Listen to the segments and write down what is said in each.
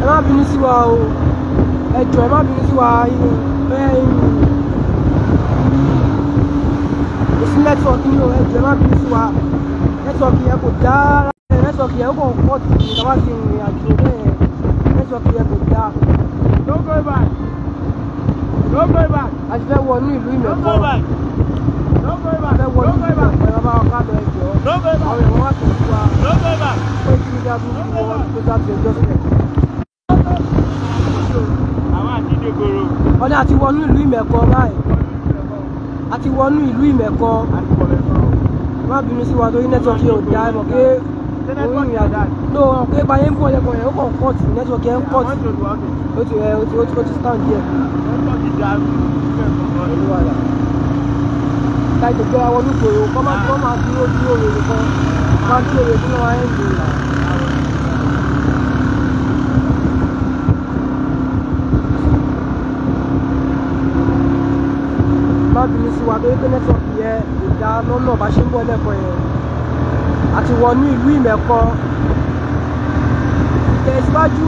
ẹ má bínú sí wa o ẹ jọ̀ọ́ ẹ má bínú sí wa inú ẹ inú kò sí nẹ́tíwọ̀kì yìí o ẹ jọ̀ọ́ ẹ má bínú sí wa nẹ́tíwọ̀kì yẹn kò dára nẹ́tíwọ̀kì yẹn kò pọ̀ tì í ká má ti rìn àjò bẹ́ẹ̀ nẹ́tíwọ̀kì yẹn kò dá. no go back no go back. a ti fẹ́ wọ inú ìlú ìmẹ̀kọ. go back no go back. a fẹ́ wọ inú ìlú ìmẹ̀kọ ẹ̀ bá wa ká lọ ẹ jọ̀ọ́. no go back. àwọn go back ọ̀nà àti wọnú ìlú ìmẹ̀kọ báyìí àti wọnú ìlú ìmẹ̀kọ má bínú sí wa torí nẹ́tíwọ́kì yóò dá ẹ mọ̀ pé orí ìrìn àjò ló hàn pé báyé ń bọ̀ lẹ́kọ̀ọ́ yẹn ó kàn kọ́ọ̀tì nẹ́tíwọ́kì yẹn ń kọ́ọ̀tì ó ti ẹ ó ti ó ti ó ti stand díẹ̀. láì tó gbéra wọnú ìṣòro kọ́ máa dúró dúró rè nìkan máa dúró rè nínú ayé ìlú ìlànà. wa tó yẹ pé nẹ́tíwọ̀kì yẹn ìdá lọ́nà bá ṣe ń bọ̀ lẹ́kọ̀ọ́ yẹn àti wọnú ìlú ìmẹ̀kọ tẹ̀síwájú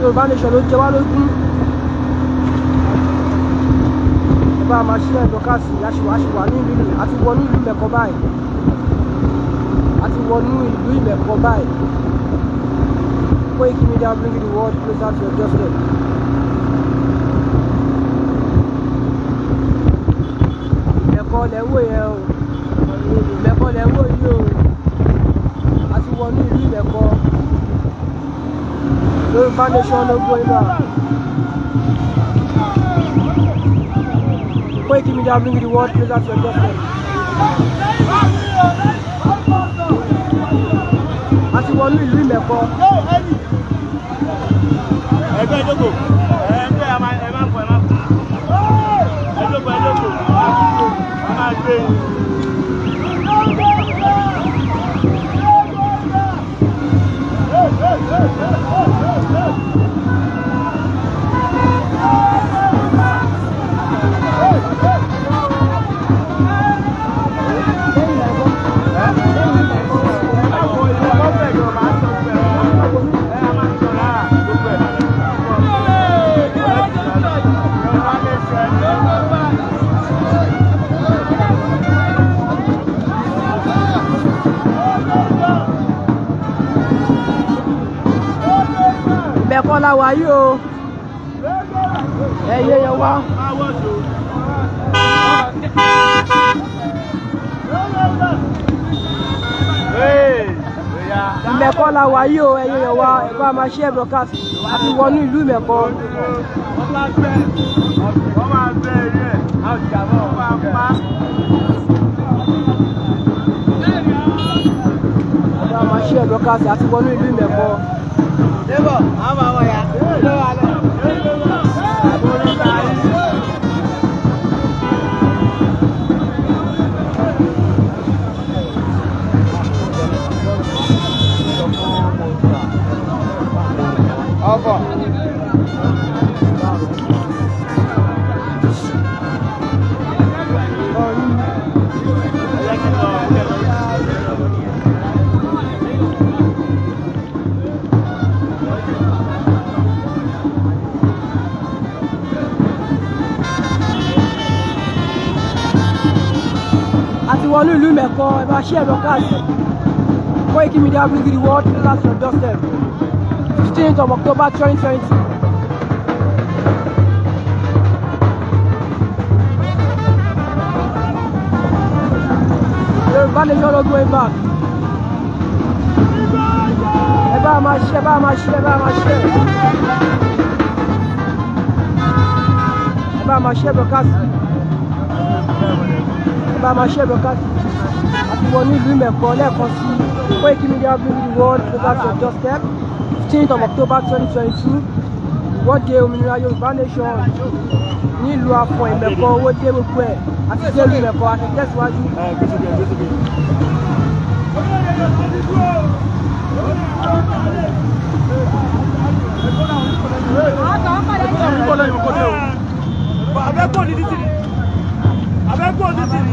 yorùbá nation ló jẹ wá lógún bá a máa ṣí ẹ̀dọ́ káàsì aṣèwáṣèwà ní ìlú àti wọnú ìlú ìmẹ̀kọ báyìí àti wọnú ìlú ìmẹ̀kọ báyìí Koiki Media bring the world closer to your doorstep. ìbẹ̀bọ̀ wò yẹn o ìbẹ̀bọ̀ lẹ̀ wò yìí o a ti wọnú ìlú ìbẹ̀kọ Yorùbá nation ló gbó iná Koiki Media bring the world closer to your doorstep. a ti wọnú ìlú ìbẹ̀kọ. ẹgbẹ́ ìdókòwò. ìpínlẹ̀ kọ́ la wà yìí o ẹ yé yẹn wá. ìmẹ̀kọ́ la wà yìí o ẹ yé yẹn wá ẹ̀kọ́ a máa ṣe broadcast àti wọnú ìlú ìmẹ̀kọ́. wọ́n máa ẹ̀rí ẹ̀ wọ́n máa pa. a máa ṣe broadcast àti wọnú ìlú ìmẹ̀kọ́. Alva. ẹ̀kọ́ ẹ máa ṣí ẹ̀rọ káàsì Koiki Media bring the world to the last your doorstep fifteenth of October twenty twenty. Yorùbá nation no going back. ẹ bá máa ṣe ẹ bá máa ṣe ẹ bá máa ṣe ẹ bá máa ṣe broadcast ẹ bá máa ṣe wọnú ìlú ìmẹ̀kọ lẹ́ẹ̀kan sí Koiki Media bring the world over to your 15th of October 2022. twenty two ìwọ́de òmìnira Yorùbá nation nílùú Afọ̀n ìmẹ̀kọ owó dé gbogbo ẹ̀ àti dé ìlú ìmẹ̀kọ àti tẹ̀síwájú. Abẹ́kọ̀ọ́ ni títì ni. Abẹ́kọ̀ọ́ ni títì ni.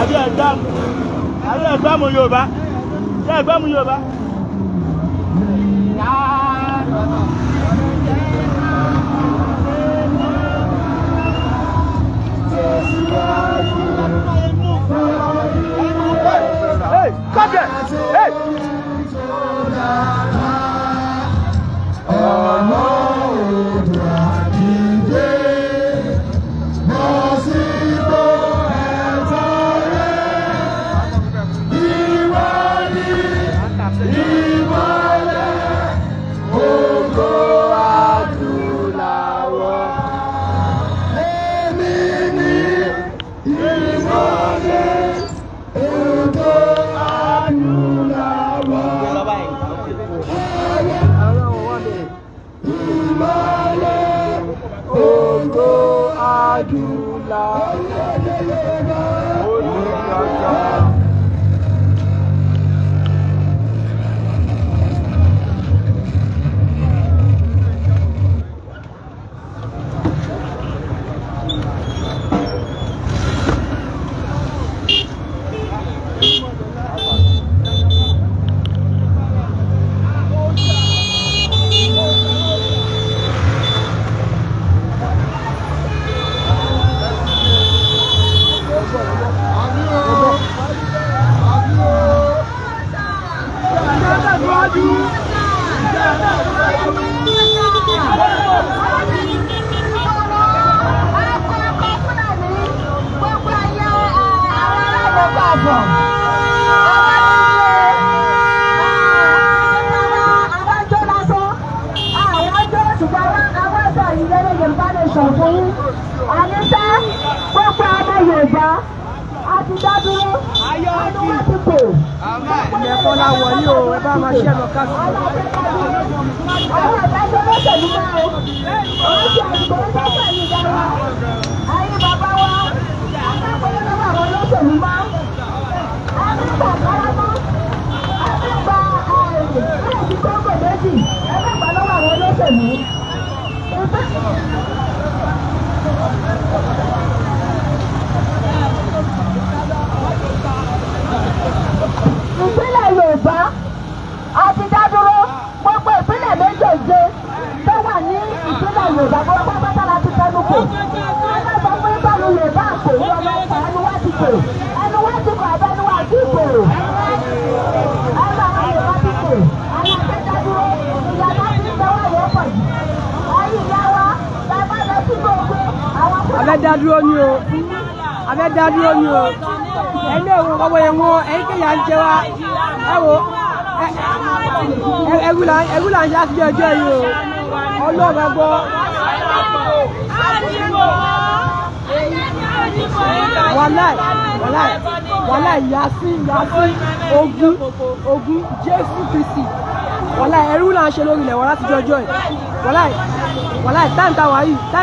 àbí ẹ̀gbámu Yorùbá ṣé ẹ̀gbámu Yorùbá. Come here.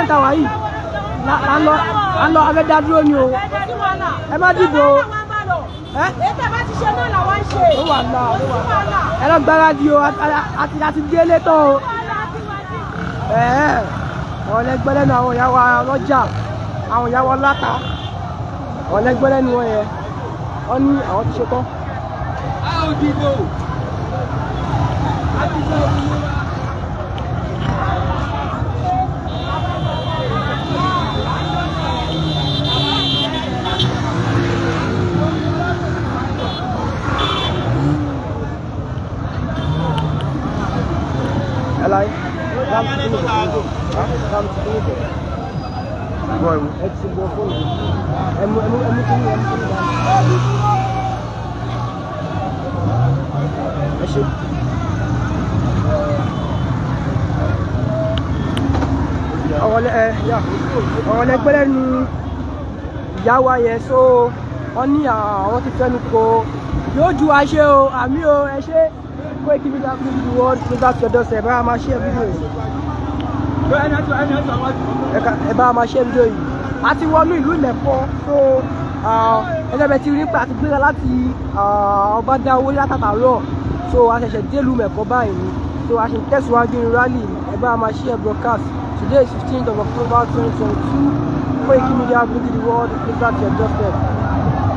táyì táwa yìí à ń lọ à ń lọ abẹ́dá dúró ni o ẹ má dìbò o ó wà ńlá ó wà ńlá ẹ lọ gbáradì o àti àti délé tán o ọ̀lẹ́gbẹ́lẹ́nu àwọn ìyá wa lọ́jà àwọn ìyá wa láta ọ̀lẹ́gbẹ́lẹ́nu wọn yẹn wọ́n ní àwọn ti ṣe tán. a ò dìbò a ti sọ ìwé. Hello? Bọ́ọ̀lù. Ẹ ti bọ̀ fún mi. Ẹ mú ẹ mú ẹ mú kí ni ẹ mú kí ni ẹ ṣe. ni ìyá wa so wọ́n ní àwọn ti fẹ́nu ko yóò ju wa ṣe o àmì o ẹ ṣe kawai keep it happening to the world look after yourself ẹ bá máa share video yìí ẹ bá máa share video yìí a ti wọnú ìlú Ilẹ̀fọ̀ so ẹlẹ́bẹ̀ẹ́ ti rí pé a ti gbéra láti ọba dá owó látàtàárọ̀ so a ṣẹ̀ṣẹ̀ délùú Mẹ̀kọ́ báyìí so a ṣe ń tẹ̀síwájú ní rally ẹ bá máa share broadcast today is th of October 2022. twenty two Koiki Media bring the world look after yourself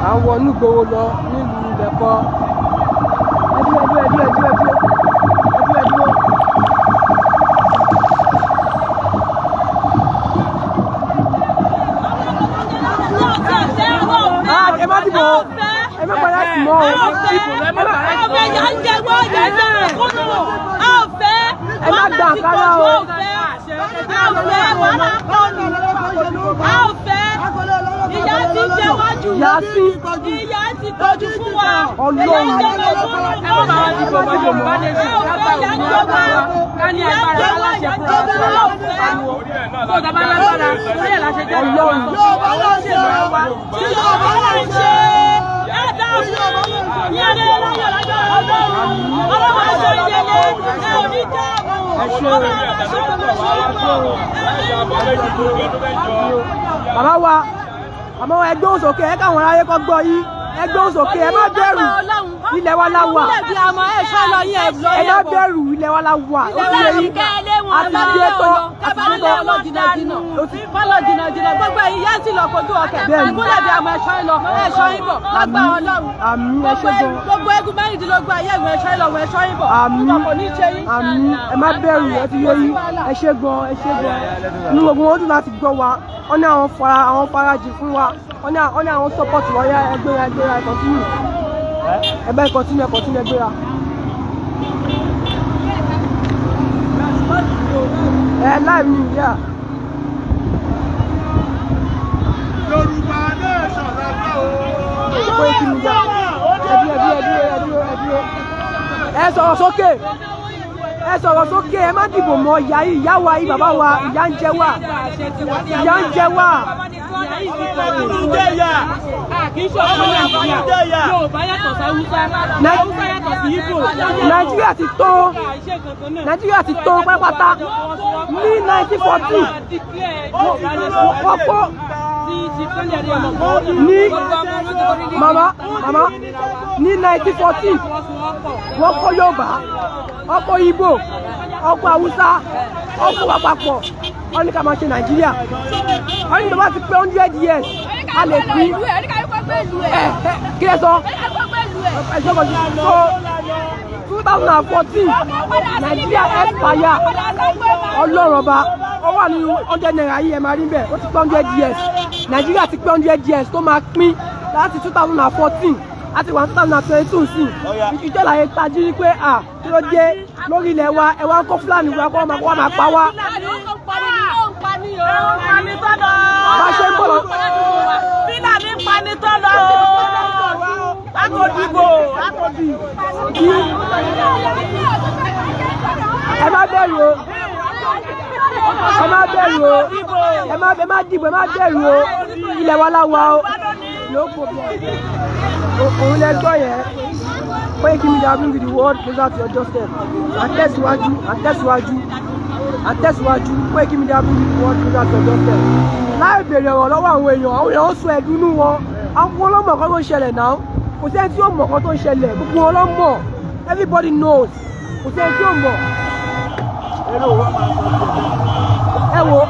à ń wọnú gbowó lọ nílùú Ilẹ̀fọ̀. ẹ má dìbò ẹ má padà sí mọ́ ọ. ọ̀fẹ́ yà ń jẹ́wọ́ yà ń jẹ́wọ́ kúnnù ọ̀fẹ́ wàhálà ti pọ̀ ju ọ̀fẹ́ ọ̀fẹ́ wàhálà pọ̀ nù ọ̀fẹ́ ìyà ti jẹ́wájú ìyà ti tọ́jú fún wa ìyà ń jẹ́wọ́ fún wa ọ̀fẹ́ yà ń jẹ́wọ́ yà ń jẹ́wọ́ ọ̀fẹ́ pariwo kó o tàbá lágbára lórí ẹ̀ láṣẹ jẹ́ ìjọba yorùbá bàbá wa àmọ́ ẹgbẹ́ òsòkè ẹ káwọn aráyé kọ́ gbọ́ yìí ẹgbẹ́ òsòkè ẹ má bẹ̀rù ilẹ̀ wa la ẹ má bẹ̀rù ilẹ̀ wa la ó ti yẹ yín àti ìdí ètò abalẹ̀ ọlọ́dínàdínà fọlọ́dínàdínà gbogbo ẹ̀yin yá sí lọ kojú ọkẹ́ ìkúlẹ̀ bí àwọn ẹ̀ṣọ́ ìlọ ẹ̀ṣọ́ ìbọ̀ lágbà ọlọ́run gbogbo egun mẹ́rìndínlógún ayé ìwọ̀n ẹ̀ṣọ́ ìlọ ìwọ̀n ẹ̀ṣọ́ ìbọ̀ ìjọpọ̀ ní ṣe yín. àmín ẹ má bẹ̀rù ẹ fi yé ẹ ẹ láìmí ìyá. yorùbá náà ṣọ̀rọ̀ ká o. ó yẹ kí mi já ẹdí ẹdí ẹdí ẹdí ẹdí ẹ sọ̀rọ̀ sókè ẹ sọ̀rọ̀ sókè ẹ má dìbò mọ́ ìyá yìí ìyá wa yìí bàbá wa ìyá ń jẹ wá ìyá ń jẹ wá. Nàìjíríà ti tó Nàìjíríà ti tó pátápátá ní nineteen forty ní mama mama ní 1914 wọ́n ọkọ Yorùbá ọkọ kó Ìgbò wọ́n kó Haúsá wọ́n ká máa ṣe Nàìjíríà ti pé hundred years a lè fi ẹ kí lẹ sọ ẹ sọ kọjú so two thousand and fourteen Nàìjíríà hundred naira yìí ẹ máa rí bẹ́ẹ̀ ó ti pé hundred years. nàìjíríà ti pé hundred years tó máa pín láti two thousand and fourteen láti one two thousand and twenty two sí ìjọ làyè tají wípé à kí ló dé lórí ilẹ̀ wa ẹ wá ń kó fúlàní wa kó wọ́n máa pa wá. bá ṣe ń bọ̀ lọ. fúlàní pani tó lọ o akodibo akodi. ẹ má bẹ̀rù o ẹ má bẹ̀rù o ẹ má ẹ má dìbò ẹ má bẹ̀rù o ilẹ̀ wa la wà o ló kò bọ̀ òun lẹ gbọ́ yẹn Koiki Media bring the world closer to your doorstep àtẹ̀síwájú àtẹ̀síwájú àtẹ̀síwájú Koiki Media bring the world closer to your doorstep láì béèrè ọ̀rọ̀ lọ́wọ́ àwọn èèyàn àwọn èèyàn ó sọ ẹ̀dùnnú wọn àwọn ọlọ́mọ kan ló ń ṣẹlẹ̀ náà kò sẹ́ni tí yóò mọ̀ kan tó ń ṣẹlẹ̀ gbogbo wọn ló everybody knows kò sẹ́ni tí yóò mọ̀ ẹ wo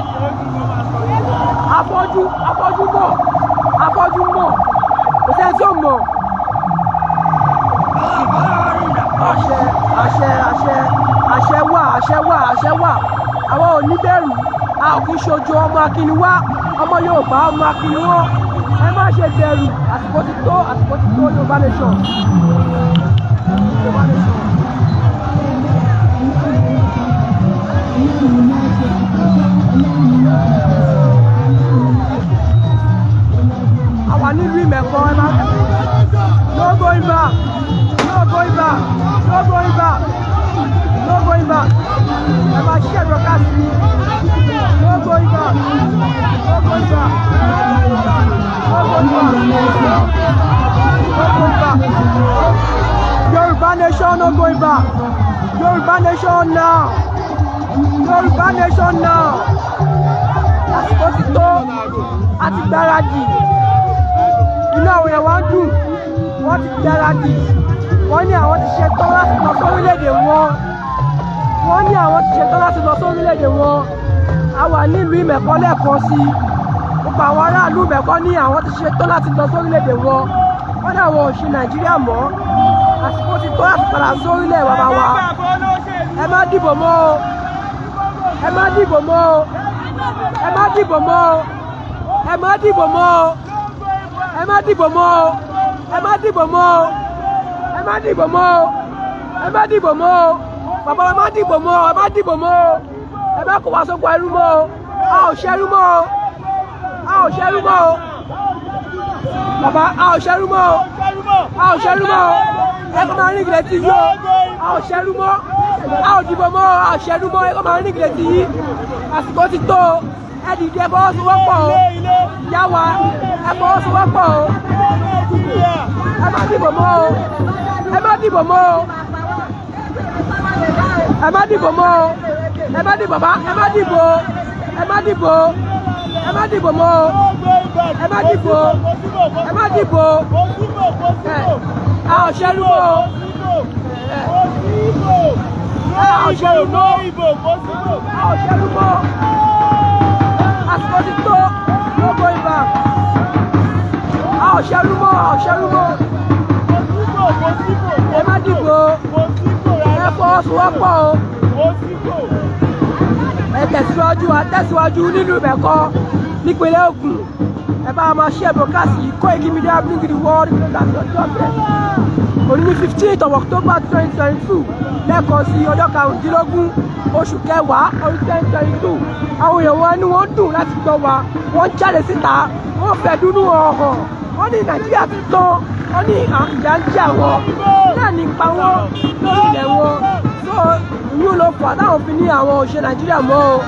afọ́jú afọ́jú mọ̀ afọ́jú mọ̀ kò sẹ́ni tó mọ̀ àṣẹ àṣẹ àṣẹ àṣẹ wà àṣẹ wà àṣẹ wà àwa ò ní bẹ̀rù a ò kí ṣojú ọmọ akíní wá ọmọ Yorùbá ọmọ akíní wọn ẹ má ṣe bẹ̀rù àsìkò ti tó àsìkò ti tó Yorùbá nation Yorùbá nation àwa ní rí mẹ́kọ́ ẹ no going back no going back no going back no going back ẹ má ṣí ẹ̀rọ no going back no going back no going back no going back Yorùbá nation no going back Yorùbá nation now Yorùbá nation now àsìkò ti tó àti gbáradì inú àwọn èèyàn wa ń dùn wọ́n ti gbáradì wọ́n ní àwọn ti ṣetán láti lọ sórílẹ̀-èdè wọn wọ́n ní àwọn ti ṣetán láti lọ sórílẹ̀-èdè wọn a wà nílùú ìmẹ̀kọ́ lẹ́ẹ̀kan sí i gbogbo àwọn aráàlú ìmẹ̀kọ́ ní àwọn ti ṣetán láti lọ sórílẹ̀-èdè wọn wọ́n ní àwọn ò ṣe nàìjíríà mọ́ àsìkò ti tó láti padà sórílẹ̀ bàbá wa ẹ má dìbò mọ́ o ẹ má dìbò mọ́ o ẹ má dìbò mọ́ o ẹ má dìbò mọ́ o ẹ má dìbò mọ́ o ẹ má dìbò mọ́ o ẹ má dìbò mọ́ o ẹ má dìbò mọ́ o bàbá wa má dìbò mọ́ o ẹ má dìbò mọ́ o ẹ má kó wa sóko ẹrú mọ́ o a ò ṣẹrú mọ́ o a ò ṣẹrú mọ́ o bàbá a ò ṣẹrú mọ́ o a ò ṣẹrú mọ́ o ẹ kó máa rí ìgbẹ́ tí yó a ò ṣẹrú mọ́ a ò dìbò mọ́ àṣẹdú mọ́ ẹ kó máa ní ìgbésí yìí àsìkò ti tó ẹ dìde ẹ fọwọ́sowọ́pọ̀ o yá wa ẹ fọwọ́sowọ́pọ̀ o ẹ má dìbò mọ́ o ẹ má dìbò mọ́ o ẹ má dìbò mọ́ o ẹ má dìbò bá ẹ má dìbò ẹ má dìbò ẹ má dìbò mọ́ o ẹ má dìbò ẹ má dìbò ẹ a ò o àṣẹ ìbò àṣẹ ìbò àsìkò ti tó lóko ìbà àṣẹ ìbò àṣẹ ìbò ẹ má dìbò ẹ fọwọ́sowọ́pọ̀ o ẹ tẹ̀síwájú wa tẹ̀síwájú nínú ìbẹ̀kọ nípínlẹ̀ Ògùn ẹ bá a máa ṣe broadcast Koiki Media bring the world to the top òní ní fifteenth of october twenty twenty two lẹ́ẹ̀kan sí ọjọ́ karùndínlógún oṣù kẹwàá ọdún twenty twenty two àwọn èèyàn wọn ni wọ́n dùn láti gbọ́ wa wọ́n jáde síta wọ́n fẹ́ dúnú ọ̀hàn wọ́n ní nàìjíríà ti tán wọ́n ní ìyà ń jẹ àwọn náà ní ipa wọn lórí ilẹ̀ wọn so ìyún ló fà táwọn fi ní àwọn òṣèlú nàìjíríà mọ́ o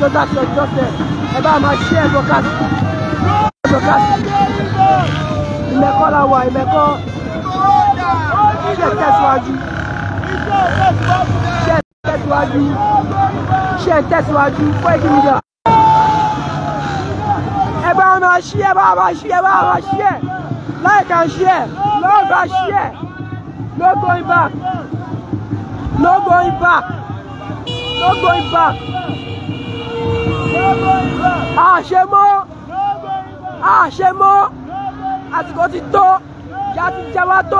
lọ́dà sí ọjọ́ tẹ̀ ẹ bá máa ṣe ẹ̀ broadcast broadcast ìmẹ̀kọ́ la wà ìmẹ̀kọ́ ṣe tẹ̀síwájú ṣe tẹ̀síwájú ṣe tẹ̀síwájú Koiki Media. ẹ bá wọn ṣí ẹ bá wọn ṣí ẹ bá wọn ṣí ẹ láìka ṣí ẹ lọ́ọ̀bà ṣí ẹ no going back no going back àṣemọ́ àṣemọ́ àsìkò ti tó ìyá ti jẹ wá tó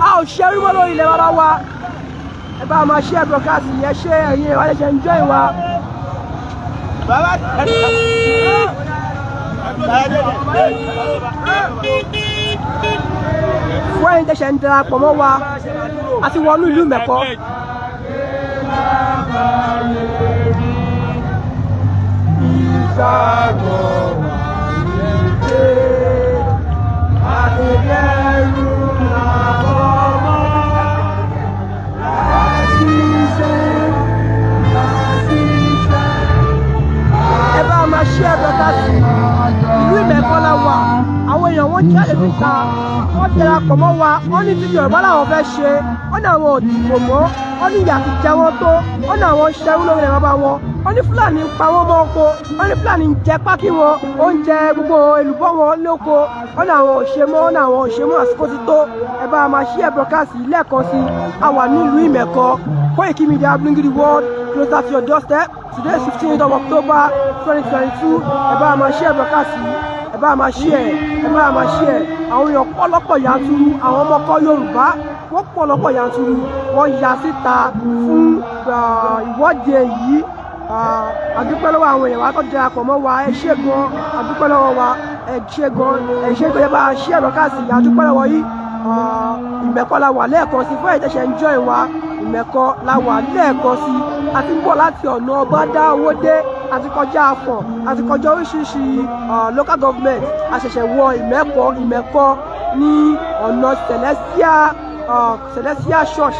a ò lórí ilẹ̀ bàbá wa ẹ bá máa ṣe broadcast yẹn ṣe ẹ̀yin ìwà ṣẹ̀ṣẹ̀ ń jọ ìwà. bàbá tẹ̀sẹ̀ ń darapọ̀ mọ́ wa àti wọnú ìlú mẹ́kọ́. Ìgbàgbọ́ wà ní ìdè pọ̀mọ́ wa wọ́n ní ti yorùbá làwọn fẹ́ ṣe wọ́n ní àwọn òdìbò mọ́ wọ́n ní ìyà ti jẹ wọ́n tó wọ́n ní àwọn ṣẹ́rú lórí ẹ̀ bàbá wọn wọ́n ní fúlàní ń pa wọ́n mọ́ oko wọ́n ní fúlàní ń jẹ pákí wọn ó ń jẹ gbogbo èlùbọ́ wọn lóko wọ́n ní àwọn òṣè mọ́ wọ́n ní àwọn òṣè mọ́ àsìkò ti tó ẹ bá máa ṣí ẹ̀bùrọ̀kásì lẹ́ẹ̀kan sí a wà nílùú ìmẹ̀kọ Koiki Media bringing the world closer to your doorstep today is fifteenth of October twenty twenty two ẹ bá máa ṣí ẹ̀bùrọ̀kásì ẹ bá máa ṣí ẹ ẹ bá máa ṣí ẹ àwọn èèyàn pọ̀lọpọ̀ yanturu àwọn ọmọkọ Yorùbá wọ́n pọ̀lọpọ̀ yanturu wọ́n ya síta fún ìwọ́de yìí àdúpẹ́ ah, lọ́wọ́ àwọn èèyàn wa tó jẹ́ àpọ̀ mọ́ wa ẹ ṣé gan àdúpẹ́ lọ́wọ́ wa ẹ ṣé gan ẹ ṣé gan yẹba ṣé ẹ̀rọ káàsì àdúpẹ́ lọ́wọ́ yìí ah, ìmẹ̀kọ́ la wà lẹ́ẹ̀kan sí fún ẹ̀jẹ̀ṣẹ̀ ń jọ ìwà ìmẹ̀kọ́ la wà lẹ́ẹ̀kan sí àti ń bọ̀ láti ọ̀nà ọba dá owó dé àti kọjá afọ̀ àti kọjá oríṣiríṣi ah, local government àṣẹ̀ṣẹ̀ wọ ìmẹ̀kọ́ ìmẹ̀kọ́ ní ọ̀nà celestial celestial church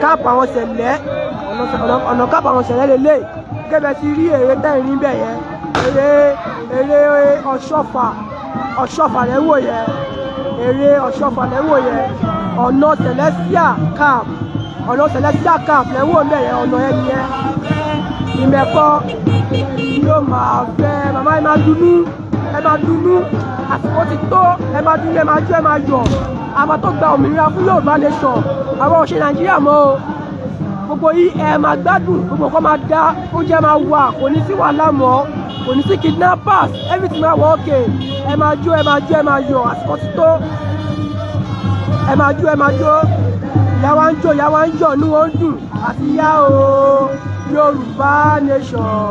káàpù eh, àwọn sẹ̀lẹ́ ọ̀nà kábàámọ̀ ṣẹlẹ̀ lélẹ̀ kébẹ̀ ti rí èrè tẹ́rìn bẹ̀ yẹn èrè èrè ọ̀ṣọ́fà ọ̀ṣọ́fà lẹ́wọ̀ yẹn èrè ọ̀ṣọ́fà lẹ́wọ̀ yẹn ọ̀nà tẹ̀lẹ́síà camp ọ̀nà tẹ̀lẹ́síà camp lẹ́wọ̀ bẹ̀ yẹn ọ̀nà yẹn nìyẹn ìmẹ̀kọ yóò máa fẹ́ màmá ẹ máa dunú ẹ máa dunú àsìkò ti tó ẹ máa dunú ẹ máa jẹ́ ẹ máa yọ̀ àmọ́ tó gba òmìnira fún Yorùbá nation àwọn òṣèlú Nàìjíríà mọ́ o gbogbo yìí ẹ máa gbádùn gbogbo nǹkan máa dá oúnjẹ máa wà kò ní sí wàhálà mọ́ kò ní sí kidnappers everything máa wọ òkè ẹ máa jó ẹ máa jó ẹ máa yọ àsìkò ti tó ẹ máa jó ẹ máa jó ìyá wa ń jó ìyá wa ń yọ ní wọn ń dùn àti yá o Yorùbá nation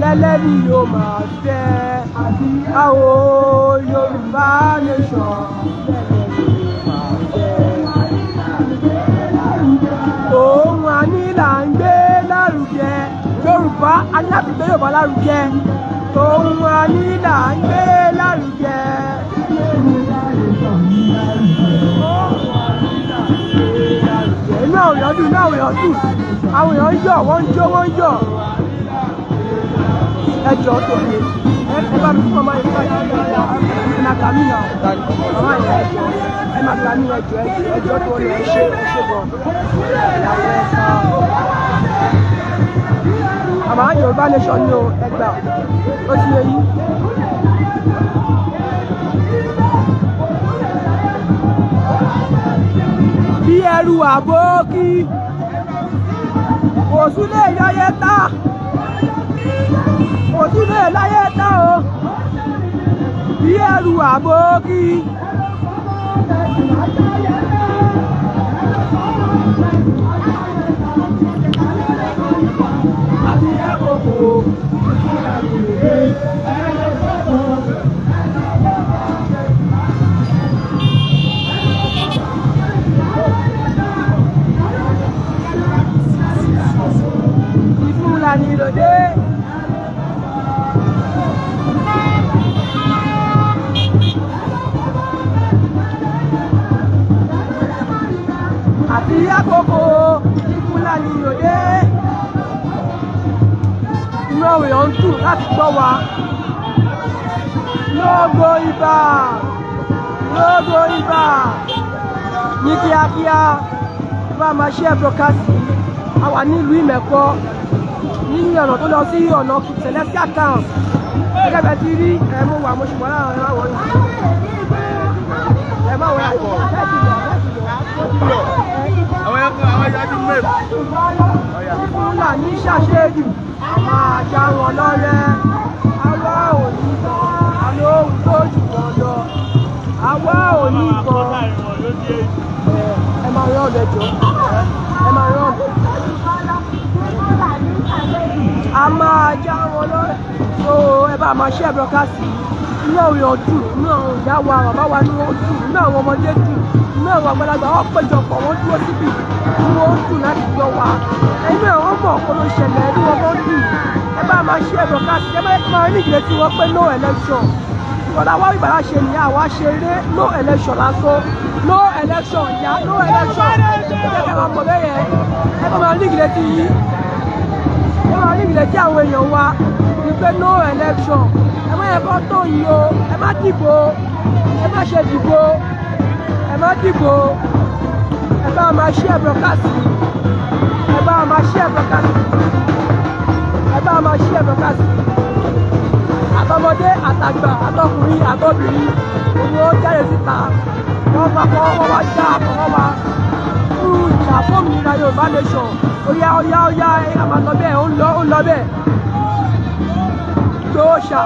lẹ́lẹ́rì yóò máa fẹ́ àti yá o Yorùbá nation lẹ́lẹ́rì là ń gbé lárugẹ yorùbá a ní láti gbé yorùbá lárugẹ tòun a ní là ń gbé lárugẹ. inú àwọn dùn inú àwọn dùn àwọn èèyàn yọ̀ jó wọ́n ń yọ̀ ẹjọ́ tó ní ẹ bá mi fún ọmọ ìfẹ́ yàrá máa gbà mí lọ màmá yẹn ẹ máa gbà mí lọ jọ ẹjọ́ tó lọ ẹ ṣe ẹ ṣe bọ̀ ìyàwó ẹ sá àmọ́ Yorùbá nation ni o ẹgbà ó ti yẹ yí. bí ẹrù àbókí kò sún lè yọyẹ tá kò sún lè láyé tá o bí ẹrù àbókí. Ìfúnlani sí àkókò tí Fúlàní òde inú àwọn èèyàn ń dùn láti gbọ́ wa lógo ibà lógo ibà ní kíákíá bá máa ṣe ẹ̀bùrọ̀kásì a wà nílùú ìmẹ̀kọ nínú ọ̀nà tó lọ sí ọ̀nà celestial town gẹ́gẹ́ bẹ́ẹ̀ ti rí ẹ̀ mo wà mo ṣùgbọ́n láwọn ẹ̀rọ àwọn ìṣòro ẹ̀ má wọ ẹ̀ bẹ́ẹ̀ ti lọ àwọn ẹ̀kọ́ àwọn ẹ̀yà ti mẹ́rin. fúlàní ṣàṣẹ́jù máa já wọn lọ́rẹ́ àwa ò kan àlọ́ ohun tó jù wọn lọ àwa ò kan ẹ máa rán ọ̀dẹ ẹ máa rán ọ̀dẹ. a máa já wọn lọ́rẹ́ so ẹ bá máa ṣe broadcast inú àwọn èèyàn inú àwọn ìyá wa bàbá wa ni wọ́n dùn inú àwọn ọmọdé dùn inú ẹ̀wọ̀n àgbàlagbà wọ́n péjọ pọ̀ wọ́n dúró síbi tí wọ́n ń dùn láti yọ wá inú ẹ̀wọ̀n mọ̀ kó ló ẹni wọn kó dùn ẹ bá máa ṣe ẹ̀bùn káàkiri ẹ bá máa ní ìdílé tí wọ́n pé no election ìrọ̀lá wá ìbàlá ṣe ní àwa ṣe eré no election lásán no election ìyá no election ìjẹ́kẹ́ máa pọ̀ bẹ́ẹ̀ yẹn ẹ bá máa ní ìdílé tí yí ẹ máa ní ìdílé tí àwọn èèyàn wa ní pé no election ẹ má yẹ kó tó yìí o ẹ má dìbò ẹ má ṣe dìbò ẹ má dìbò ẹ bá máa ṣí ẹ bọ́kásì ẹ bá máa ṣí ẹ bọ́kásì ẹ bá máa ṣí ẹ bọ́kásì àtọmọdé àtàgbà àtọkùnrin àtọbìnrin ni ó jáde síta wọn máa fọwọ́ wọn wá já àfọwọ́ wa fún ìjà fómìnira Yorùbá nation ó yá ó yá ó yá ó ń lọ ó ń lọ bẹ́ẹ̀ tó ṣá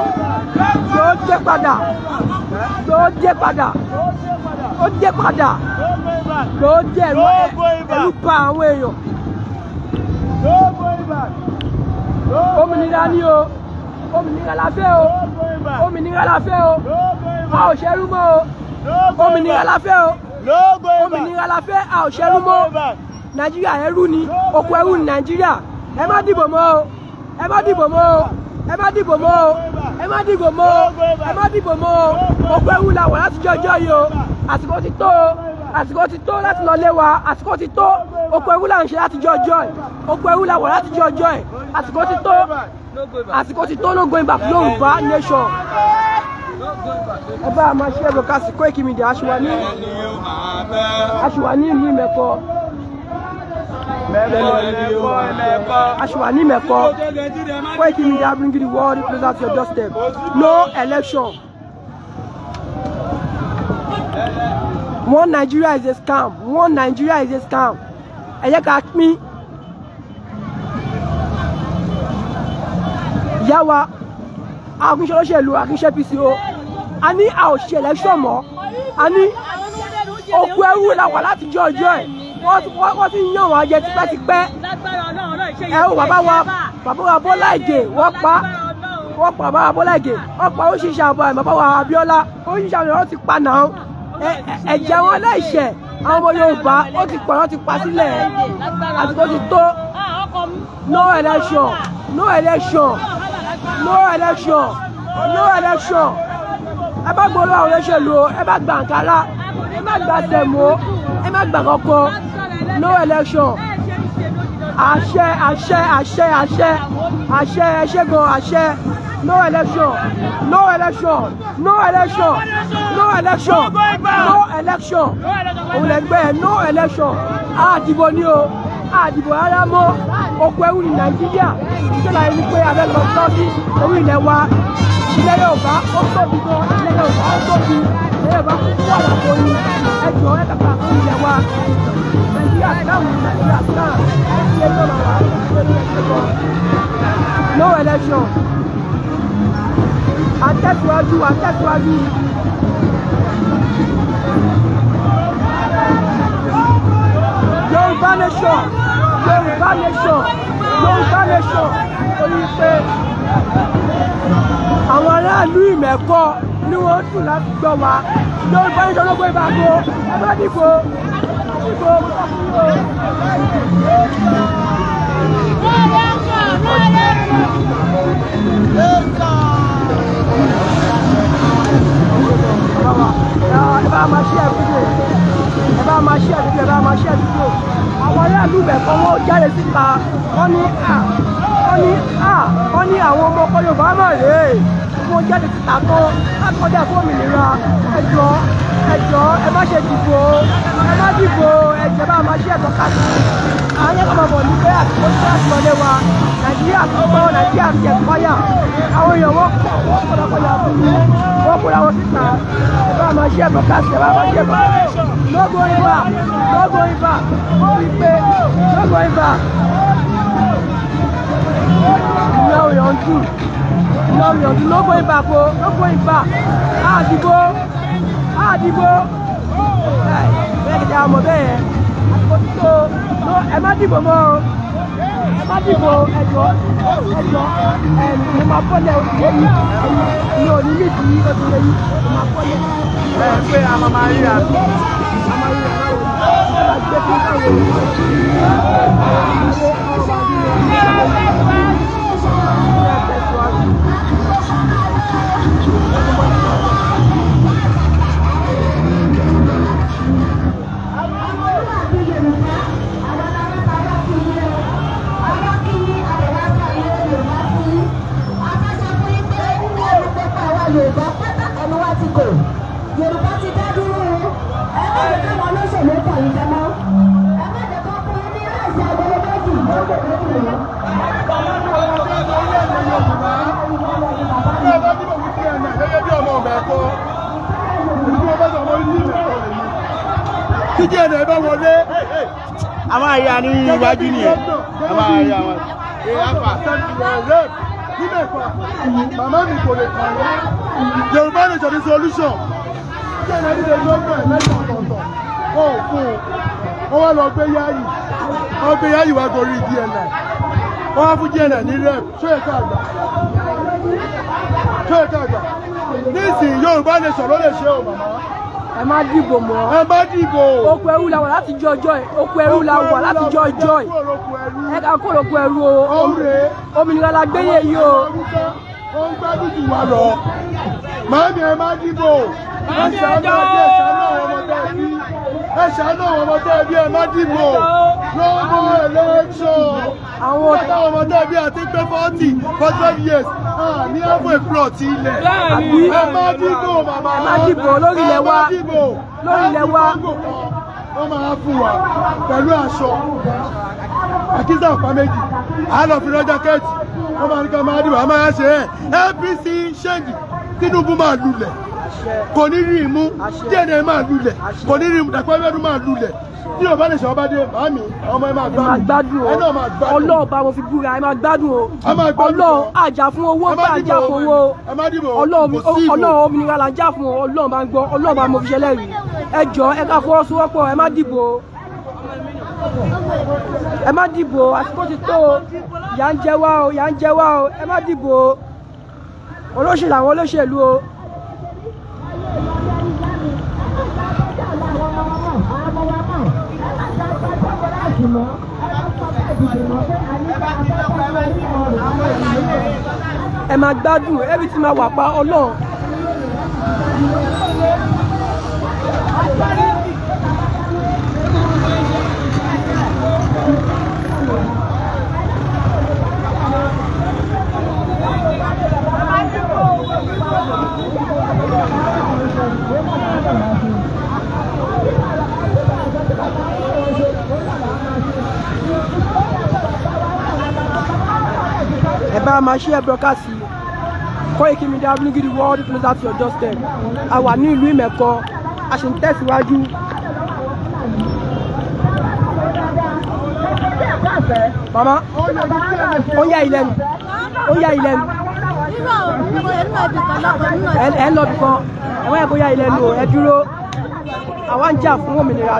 tó dé padà tó dé padà ó dé padà ló jẹ́ ẹ̀rú pa àwọn èèyàn. Òmìnira ni o, òmìnira la fẹ́ o, òmìnira la fẹ́ o, a ò ṣerú mọ́ o, òmìnira la fẹ́ o, òmìnira la fẹ́ a ò ṣerú mọ́ o. Nàìjíríà ẹrú ni, òkú ẹrú ni Nàìjíríà, ẹ má dìbò mọ́ o, ẹ má dìbò mọ́ o ẹ má dìbò mọ́ o ẹ má dìbò mọ́ o ẹ má dìbò mọ́ o ọgbẹ́ wù làwọn láti jọjọ́ yìí o àsìkò ti tó o àsìkò ti tó láti lọ lé wa àsìkò ti tó oko ewu là ń ṣe láti jọ ọjọ́ ẹ̀ oko ewu là wọ̀ láti jọ ọjọ́ ẹ̀ àsìkò ti tó àsìkò ti tó no going back Yorùbá nation ẹ bá a máa ṣe ẹ̀rọ kásì Koiki Media aṣùwà ní aṣùwà ní ìlú ìmẹ̀kọ aṣùwà ní ìmẹ̀kọ Koiki Media bring the world closer to your doorstep no election one Nigeria is a scam one Nigeria is a scam ẹ yẹ ká pín ìyá wa akínṣe olóṣèlú akínṣe PCO a ní a ò ṣe election mọ́ a ní òkú ẹrú làwà láti jọ ọjọ́ ẹ̀ wọ́n ti yàn wọ́n jẹ tipẹ́tipẹ́ ẹ wò bàbá wa bàbá wa Bọ́lá Ìgè wọ́n pa wọ́n pa bàbá wa Bọ́lá Ìgè wọ́n pa ó ṣiṣẹ́ àbọ̀ ẹ̀ bàbá wa Abíọ́lá ó ṣiṣẹ́ àbọ̀ ẹ̀ wọ́n ti pa náà ẹ̀jẹ̀ wọn lẹ́ṣẹ̀ àwọn ọmọ Yorùbá ó ti pọ̀ wọ́n pa sílẹ̀ àsìkò ti tó no election no election no election no election ẹ bá gbọ́ lọ́wọ́ olóṣèlú o ẹ bá gba àǹkárá ẹ má gba sẹ̀mó ẹ má gba kankan no election àṣẹ àṣẹ àṣẹ àṣẹ àṣẹ ẹ ṣẹ́gun àṣẹ no election, no election, no election, no election, no election, òun no election, àdìbò ni o, àdìbò rárá mọ́, òkú ẹ̀wù ní Nàìjíríà, ìṣẹ̀lẹ̀ ayé ni pé abẹ́lẹ̀ tọ́sí orílẹ̀ wa, ilẹ̀ Yorùbá ó tóbi gan, ilẹ̀ Yorùbá ó tóbi, ilẹ̀ Yorùbá kún fún ọ̀nà kò ní, ẹjọ́ ẹ̀ kàkà fún ilẹ̀ wa, Nàìjíríà táwọn Nàìjíríà táwọn ẹ̀ ń ṣe lọ́nà wa, no election atẹ̀síwájú atẹ̀síwájú. Yorùbá nation Yorùbá nation Yorùbá nation orí pé àwọn aráàlú ìmẹ̀kọ ni wọ́n dùn láti gbọ́ wa Yorùbá nation ló gbé ìbàgbó ẹ bá dìbò dìbò kọ́kúrò. Lọ́yẹ̀kọ̀ lọ́yẹ̀kọ̀ lọ́yẹ̀kọ̀ ẹ bá máa ṣe àdúgbò ẹ bá máa ṣe àdúgbò ẹ bá máa ṣe àdúgbò àwọn aráàlú mẹ́kọ́ wọn jáde síta wọ́n ní à wọ́n ní à wọ́n ní àwọn ọmọ ọkọ Yorùbá náà rèé wọn jáde síta tán akọjá fún òmìnira ẹ má ṣe dìbò ẹ má dìbò ẹ bá máa ṣe ẹ̀tọ́ káàkiri ayẹ́kọ̀ọ́bọ̀ ní pé àtúntò tí wọ́n ti wọlé wa nàìjíríà tó gbọ́ nàìjíríà ti ẹ̀ fọ́yà àwọn èèyàn wọ́n pọ̀ wọ́n kọ́ra kọ́ ya fún mi wọ́n kọ́ra wọn síta ẹ bá máa ṣe ẹ̀bọ̀ káṣí ẹ ṣe ẹ̀bọ̀ lógo ibà lógo ibà ó rí i pé lógo ibà ìyá òyàn jù ìyá òyàn jù lógo ibà kó lógo ibà àdìgbò àdìgbò bẹ́ẹ̀ kìí so ẹ má dìbò mọ́ o ẹ má dìbò ẹjọ́ ẹjọ́ ẹ mo máa bọ́lẹ̀ òṣèré yìí mi ò ní níbi òṣèré yìí mo máa bọ́lẹ̀. ẹ pé a máa máa ríra bí a máa ríra báwo ni a máa gbé fún báwo ni. rí a ní iwájú nìyẹn a máa rí àwọn. Màmá mi kò lè kàn yín. Yorùbá lè jọ̀dí solution. Ṣé ẹ̀rọ ìdílé lọ́gbọ̀n ẹ̀ lẹ́yìn ọ̀tọ̀ọ̀tọ̀? Ó fún un. Wọ́n wá lọ gbé yáyì. Wọ́n gbé yáyì wá gorí DNA. Wọ́n wá fún DNA ní rep. Ṣé ẹ̀ka àgbà? Ṣé ẹ̀ka àgbà? Nísìnyí Yorùbá lè sọ̀rọ̀ lè ṣe ò màmá ẹ má dìbò mọ́. ẹ má dìbò. oko ẹrú la wà láti jọ ọjọ́ ẹ oko ẹrú la wà láti jọ ọjọ́ ẹ ẹ ká kó lóko ẹrú o òmìnira la gbé yé yìí o. ó ń gbádùn jù wá lọ. màámi ẹ má dìbò. màámi ẹ jọ ẹ ṣàánú àwọn ọmọdé ẹbí ẹ má dìbò lọ́wọ́ ẹlẹ́ṣọ̀ àwọn ọmọdé ẹbí àti pé forty forty five years ní àbọ̀ ìpúrọ̀ ti ilẹ̀ ẹ má dìbò bàbá ẹ má dìbò lórí ilẹ̀ wa lórí ilẹ̀ wa wọ́n máa fún wa pẹ̀lú aṣọ àkísà ọ̀pá méjì àlọ́ fi rọ́jà kẹ́ẹ̀tì wọ́n máa ní ká máa dìbò àmọ́ ẹ ṣe ẹ̀ APC ń ṣèǹgì Tinubu máa lulẹ̀ kò ní rí imú DNA máa lulẹ̀ kò ní rí imú Dàpọ̀ Abíọ́dún bí o bá lè ṣe ọba dé bá mi ọmọ ẹ máa gbádùn ẹ náà máa gbádùn ọlọ́ọ̀ba mo fi búra ẹ máa gbádùn o ọlọ́ọ̀ àjà fún owó bá àjà fún owó ọlọ́ọ̀ òmìnira là ń jà fún ọlọ́ọ̀ bá ń gbọ́ ọlọ́ọ̀ bá mo fi ṣẹlẹ̀ rí ẹ jọ ẹ ká fọwọ́sowọ́pọ̀ ẹ má dìbò ẹ má dìbò àsìkò ti tó yà ń jẹ wá o yà ń jẹ wá o ẹ má dìbò olóṣèlú àwọn olóṣèlú o. ìgbìmọ̀ ẹ máa gbádùn ẹbí tí máa wà pa ọlọ́run. Thank you. ẹ bá máa ṣí ẹ broadcast Koiki Media bringing the world closer to your doorstep a wà ní ìlú Ìmẹ̀kọ a sì ń tẹ̀síwájú. mama ó yà ilẹ̀ nù ó yà ilẹ̀ nù ẹ lọ bì kan ẹ̀wọ̀n ẹ̀ bóyá ilẹ̀ nù ẹ dúró àwa ń jà fún òmìnira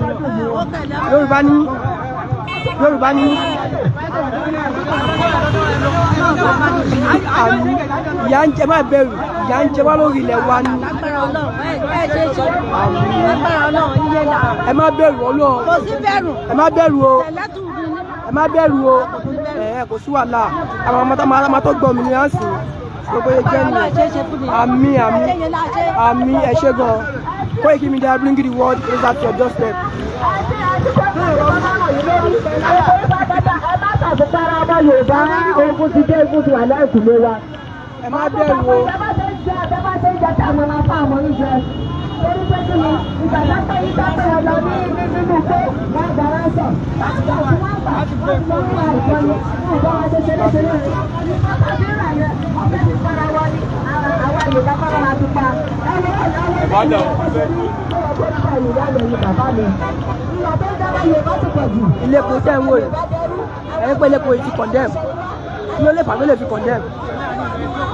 Yorùbá ní Yorùbá ní. àánú ìyà ń jẹ má bẹ̀rù ìyà ń jẹ wá lórí ilẹ̀ wa ni. ẹ má bẹ̀rù ọlọ́run ẹ má bẹ̀rù o ẹ má bẹ̀rù o ẹ kò sí wàhálà àwọn ọmọ táwọn ọmọ tó gbọ́ mi ní àǹsì gbogbo yẹn jẹ́ àmì àmì àmì ẹ ṣé gan Koiki Media bringing the world closer to your doorstep àfipára ọmọ Yorùbá ogun ti dé ogun ti wà lẹ́kùnlé wa. ẹ má bẹ̀rù o. ìjọba ṣe ń jẹ ìjọba ṣe ń jẹ tí àwọn máa fún àwọn oúnjẹ torí pé kí ni ìgbàgbọ́ pé ìgbà pé ọ̀dọ́ ní nínú pé wọ́n gbàrà sọ láti gbà tí wọ́n gbà wọ́n lọ fún àìsàn ní ìbọn wa ṣe ṣeré ṣeré rẹ̀ pátá bí rà yẹn ọ̀fẹ́ ti fara wọn ní àwa Yorùbá fara máa ti pa ẹni ọ̀dọ́ wọn ní ọ̀fẹ́ ní ọ̀gbọ́n ìgbà Yorùbá lẹ́yìn bàbá mi ìgbà tó ń dábàá Yorùbá ti pọ̀ jù ilé kò tẹ̀ ń wò yìí ẹ̀yẹ́ pé lẹ́kọ̀ọ́ yìí condemn kí ló lè fà ló fi condemn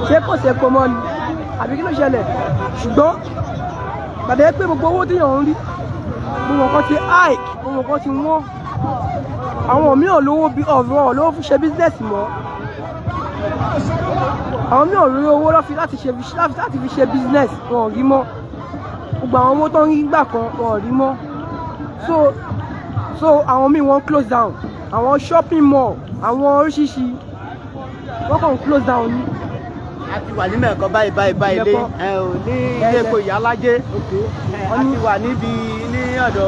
ṣé kò ṣe epo mọ́ ni àbí kí ló ṣẹlẹ̀ ṣùgbọ́n bàtà yẹ pé gbogbo owó tíyàn ń rí gbogbo nǹkan ti hike gbogbo nǹkan ti wọ́n àwọn mìíràn lówó bí ọ̀rọ̀ lówó fi ṣe bísínẹ́sì mọ́ àwọn mìíràn lórí owó lọ́fi láti ṣe láti fi ṣe bísínẹ́sì wọn ò rí mọ́ gbogbo àwọn owó tó ń rí gbà kan wọn ò rí mọ́ so so àwọn míì wọ́n close down àwọn shopping mall àwọn oríṣiríṣi wọ́n kàn ń close down ni. a ti wà ní mẹ́ẹ̀kan báyìí báyìí báyìí lé ẹ ò ní ilé epo ìyálájé a ti wà níbi ní ọ̀dọ̀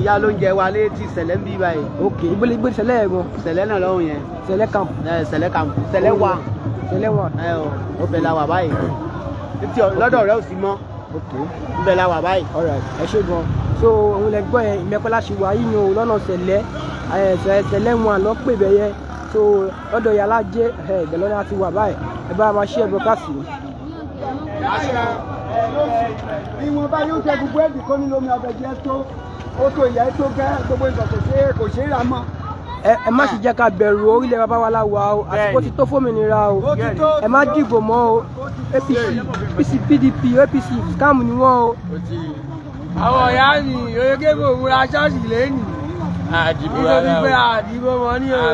ìyá lóúnjẹ wa lé ti sẹ̀lẹ̀ ń bí báyìí. ok ìgbélé ìgbélé sẹ̀lẹ̀ ẹ̀ gan. sẹ̀lẹ̀ náà lọ́hùn yẹn. sẹ̀lẹ̀ camp. sẹ̀lẹ̀ camp sẹ̀lẹ̀ wà. sẹ̀lẹ̀ wà. ẹ ò ó bẹ̀ la wà báyìí lọ́dọ̀ rẹ ò sí mọ́. Okay. níbẹ̀ la wà báyìí. alright ẹ ṣe gan so òun lè gbọ́ yẹn ìmẹ́kọ́lá ṣe wà yìí ni o lọ́nà sẹ̀lẹ̀ sẹ̀lẹ̀ wọn àná pè bẹ́ yẹn so lọ́dọ̀ yàrá jẹ́ ẹ̀ẹ́dẹ̀ lọ́nà àti wà báyìí ẹ bá máa ṣe ẹ̀ bọ́kásì. ìwọ̀n bá yóò fẹ́ gbogbo ẹ̀dì kó nílò omi ọbẹ̀ jẹ́ tó ó tó ìyá tó gẹ́ gbogbo ìgbà kò ṣe é rà mọ́ ẹ má sì ah. jẹ́ ká bẹ̀rù orílẹ̀ bàbá wa láwa o àsìkò ti tó fòmìnira o ẹ má dìbò mọ́ o APC PDP APC scam ni wọ́n o. àwọn ìyá mi oyegebo òwúra ṣọ́ọ̀ṣì lẹ́nu àdìbò ara o àdìbò wọn ní o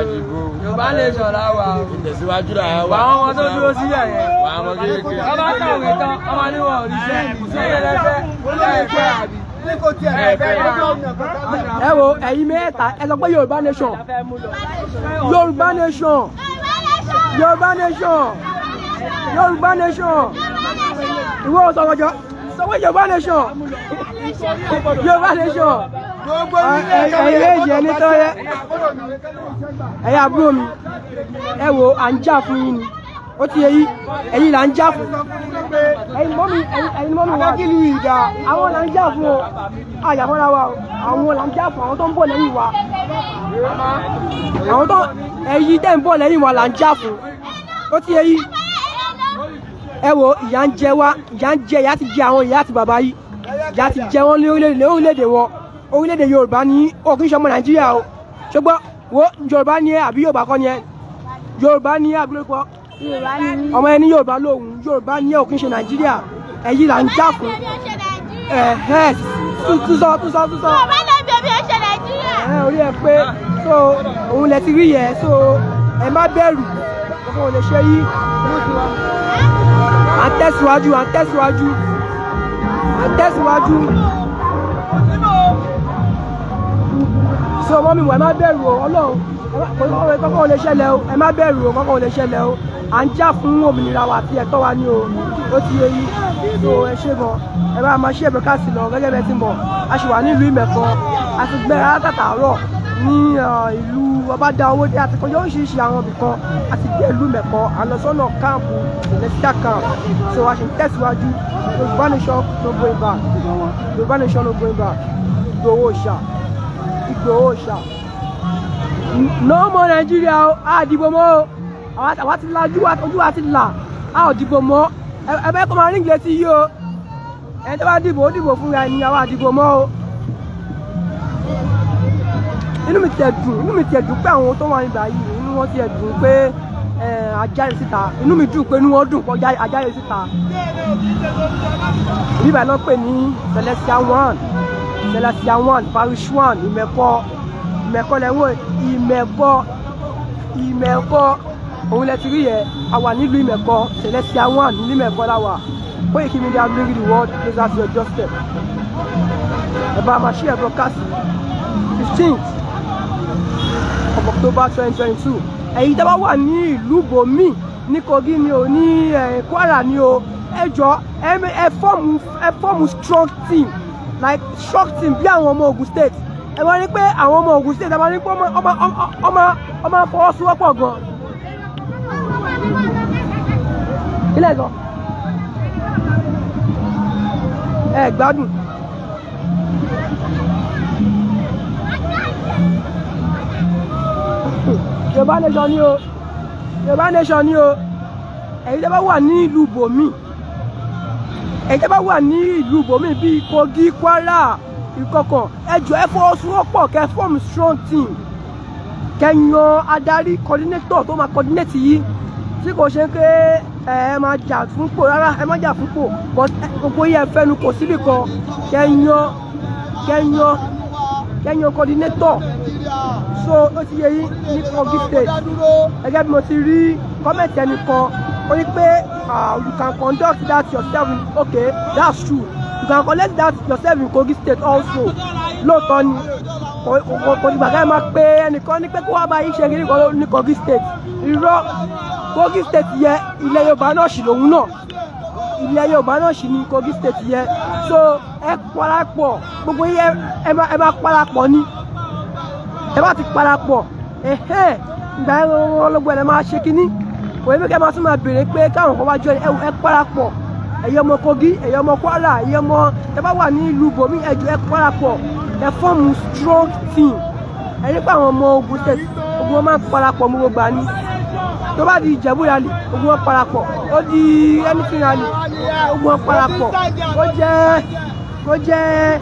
Yorùbá lè sọ̀rọ̀ àwa o ìtẹ̀síwájú là wà. wà wọn tó dúró sílẹ̀ yẹn wà á wọn kéékèèké. ọba kàwé tán ọmọ níwọ̀n òrìṣẹ́ ìṣẹ́ yẹlẹ́fẹ́ láì pẹ́ àbí ẹ wo ẹ̀yin mẹ́ta ẹ sọ pé yorùbá nation yorùbá nation yorùbá nation yorùbá nation ìwọ sọ̀rọ̀jọ́ sọ pé yorùbá nation yorùbá nation ẹ̀yin méjì ẹni tọ́ yẹ ẹ̀yin àbúrò mi ẹ wo à ń jà fún yín ni ó ti yẹ yí ẹ̀yin là ń jà fún ẹ̀yin mọ́mí ẹ̀yin mọ́mí wa kí lu ìjà àwọn là ń jà fún o àyàfọ́ra wa o àwọn là ń jà fún àwọn tó ń bọ̀ lẹ́yìn wa àwọn tó ẹ̀yin tẹ̀ ń bọ̀ lẹ́yìn wa là ń jà fún ó ti yẹ yí ẹ wo ìyà ń jẹ wá ìyà ń jẹ ìyà ti jẹ àwọn ìyá àti bàbá yìí ìyà ti jẹ wọn ní orílẹ̀-èdè wọn orílẹ̀-èdè Yorùbá ní òkú ìṣọmọ Nàìjíríà o ṣùgbọ́n wo Yorùbá ni ẹ àbí Yorùbá kọ́ ni ẹ Yorùbá ni ẹ àbí lóko ọmọ ẹni yorùbá lòun yorùbá ní ẹ ò kí ń ṣe nàìjíríà èyí là ń jà fún ẹhẹ túsọ túsọ túsọ. yorùbá náà bí omi ẹ ṣe nàìjíríà. ẹ orí ẹ pé so òun lẹ ti rí yẹ so ẹ má bẹ̀rù ọkọ ò lè ṣe yí. à ń tẹ̀síwájú à ń tẹ̀síwájú à ń tẹ̀síwájú. so mọ́mí wọ̀ ẹ má bẹ̀rù o ọlọ́run kọ́kọ́ ò lè ṣẹlẹ̀ o ẹ má bẹ̀rù o kọ́kọ́ ò lè ṣẹlẹ̀ o à ń jà fún òmìnira wa àti ẹ̀tọ́ wa ní o ó ti yẹ yín so ẹ ṣe gan ẹ bá máa ṣe ẹ̀bẹ̀kásì lọ gẹ́gẹ́ bẹ́ẹ̀ ti mọ̀ a ṣì wà nílùú ìmẹ̀kọ a ti gbẹ́ra látàtàárọ̀ ní uh, ìlú ọbádáwódé àti kọjá oríṣiríṣi àwọn ibìkan àti dé ìlú mẹ̀kọ àlọ́sọ́nà káàmpù ìlẹ́sítà káàmpù so a ṣì ń tẹ̀síwájú yorùbá nation no ìgbòho òòṣà ìgbòho òòṣà no more Nigeria o àdìbò àwa ti la ojú wa ti là a ò dìbò mọ́ ẹbẹ́ kó máa ríǹgì létí yí o ẹni tó bá dìbò ó dìbò fúnra ẹni àwa àdìbò mọ́ o inú mi tiẹ̀ dùn inú mi tiẹ̀ dùn pé àwọn tó wà nígbà yìí inú wọn tiẹ̀ dùn pé ajáyè síta inú mi dùn pé inú wọn dùn pé ajáyè síta bíbá náà pè ní celestial one celestial one parish one ìmẹ̀kọ ìmẹ̀kọ lẹ́wọ̀n ìmẹ̀kọ ìmẹ̀kọ òun lẹ ti rí yẹ àwa nílùú ìmẹ̀kọ celestia one nílùú ìmẹ̀kọ láwà Koiki Media bring the world closer as your doorstep ẹ bá máa ṣí ẹ broadcast fifteenth of October twenty twenty two ẹ̀yin tẹ́ bá wà ní ìlú bòmíì ní Kogi ni o ní Kwara ni o ẹ jọ ẹ fọ́ọ̀mù ẹ fọ́ọ̀mù strong team like strong team bí àwọn ọmọ Ogun State ẹ máa rí pé àwọn ọmọ Ogun State ẹ máa rí pé ọmọ ọmọ ọmọ ọmọ fọwọ́sowọ́pọ̀ gan-an ilé ẹ̀sọ́ ẹ gbádùn. yorùbá nation ni o yorùbá nation ni o ẹ̀yin tẹ́ bá wà ní ìlú bòmí ẹ̀yin tẹ́ bá wà ní ìlú bòmí bíi Kogi Kwara ìkọ̀kọ̀ ẹ jọ̀ọ́ ẹ kẹ́ form strong team kẹ́ yan adarí coordinator tó máa coordinate yìí tí kò ṣe pé ẹ máa jà fúnpò rárá ẹ má jà fúnpò gbogbo yẹ fẹnu kò síbì kan kẹyàn kẹyàn kẹyàn coordinator so ó ti yẹ yín ní Kogi state gẹ́gẹ́ bí mo ti rí kọ́mẹ̀tì ẹnìkan ó ní pé ah, you can conduct that yourself in okay that's true you can conduct that yourself in Kogi state also lóòótọ́ ni kò ní gbàgbé máa pé ẹnìkan ní pé kó wá bá yín ṣe kí ní Kogi state irọ́. Kogi state yẹ ilẹ̀ Yorùbá náà sì lòun náà ilẹ̀ Yorùbá náà sì ni Kogi state yẹ so ẹ parapọ̀ gbogbo yẹ ẹ má ẹ má parapọ̀ ni ẹ bá ti parapọ̀ ẹ̀hẹ́ ìgbà ẹran ọlọ́gbọ̀n ẹ̀ máa ṣe kínní òye mẹ́kẹ́ máa tún máa béèrè pé káwọn kan wájú ẹ̀ ẹ parapọ̀ ẹ̀yọ́ ọmọ Kogi ẹ̀yọ́ ọmọ Kwara ẹ̀yọ́ ọmọ ẹ bá wà ní ìlú bòmí ẹ̀jọ̀ ẹ parapọ̀ ẹ fọ́ọ̀mù strong team ẹ̀rí pé àwọn ọmọ ogun tẹ̀ ogun wọn máa ń mú gbogbo àní tó bá di ìjẹ̀bú rally ogun wọn parapọ̀ ó di anything rally ogun wọn parapọ̀ ó jẹ́ ó jẹ́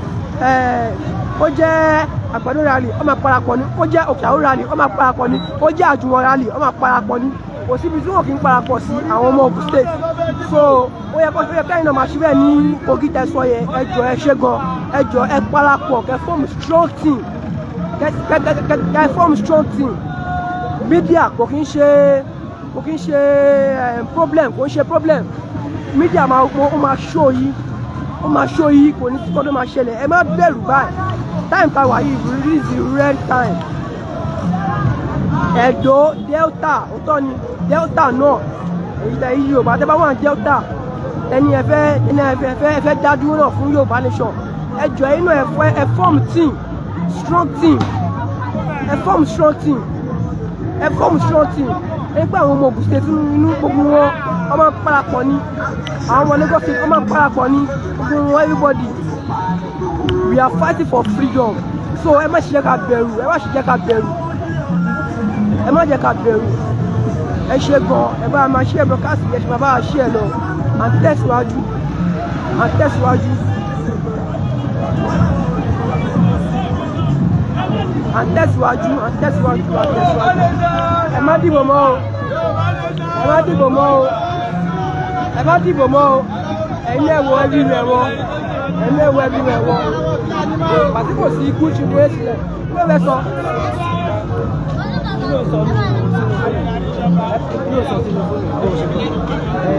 ó jẹ́ àgbàdo rally ó máa parapọ̀ ni ó jẹ́ òkèàwó rally ó máa parapọ̀ ni ó jẹ́ àjùwọ̀n rally ó máa parapọ̀ ni kò síbi tí wọn kì í parapọ̀ sí àwọn ọmọ Ogun State so ó yẹ kọ́sọ́ yẹ kẹ́yìn náà máa ṣe bẹ́ẹ̀ ní Kogi tẹ̀sán yẹ ẹ jọ ẹ ṣe gan ẹ jọ ẹ parapọ̀ kẹ form strong team kẹ kẹ kẹ kẹ form strong team media kò kí ń ṣe kò kí ń ṣe eh, problem kò ń ṣe problem media ó máa ṣó yí ó máa ṣó yí kò ní kọ́dọ̀ máa ṣẹlẹ̀ ẹ má bẹ̀rù báyìí time ta wà yìí release the real time ẹ̀dọ́ delta òótọ́ ni delta náà èyí tẹ̀ yí yorùbá tẹ́ bá wà ní delta ẹni ẹ fẹ́ ẹni ẹ fẹ́ ẹ fẹ́ dá dúró náà fún yorùbá nation ẹ jọ inú ẹ fọ ẹ form team strong team ẹ form strong team ẹ form strong team pé àwọn ọmọ ògùn state inú gbogbo wọn ọmọ parapọ̀ ni àwọn ọmọ Lagos state ọmọ parapọ̀ ni gbogbo wọn everybody we are fighting for freedom so ẹ má ṣe jẹ́ ká bẹ̀rù ẹ má ṣe jẹ́ ká bẹ̀rù ẹ má jẹ́ ká bẹ̀rù ẹ ṣe gan ẹ bá máa ṣe ẹ̀bùn káàsì ẹ̀ ṣe máa bá ṣe ẹ̀ lọ à ń tẹ̀síwájú à ń tẹ̀síwájú à ń tẹ̀síwájú à ń tẹ̀síwájú à ń tẹ̀síwájú ẹ má dìbò mọ́ o ẹ má dìbò mọ́ o ẹ má dìbò mọ́ o ẹ̀yin ẹ̀wọ̀ ẹbí rẹ̀ wọ ẹ̀yin ẹ̀wọ̀ ẹbí rẹ̀ wọ pàtí kò sí ikú tí mo sílẹ̀ kí ló fẹ́ sọ kí ló sọ kí ló sọ sínú fóònù ẹ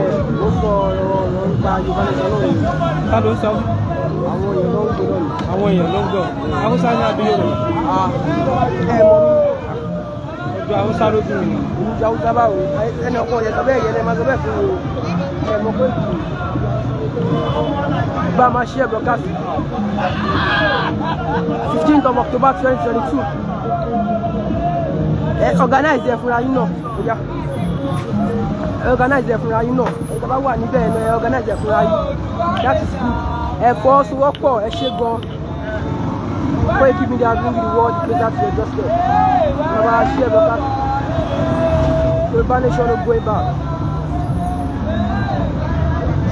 ó fọ ọ̀rọ̀ ọ̀rọ̀ nípa Yorùbá nìkan náà yìí ká ló sọ àwọn èèyàn ló ń gbọ́ àwọn èèyàn ló ń gbọ́ Haúsá ní abiyọ̀ rẹ̀. 15th ah, of October 2022. twenty two ẹ organize ẹ fúnra yín náà ọjà ẹ organize ẹ fúnra yín náà ẹ bá wà níbẹ̀ ẹ organize ẹ fúnra that is good ẹ fọwọ́sowọ́pọ̀ ẹ ṣe gan-an. Before keep me there, bring you the word, pray that to your doorstep. Bàbá ṣí ẹ̀ bàbá. Yorùbá nation ló gbé bá.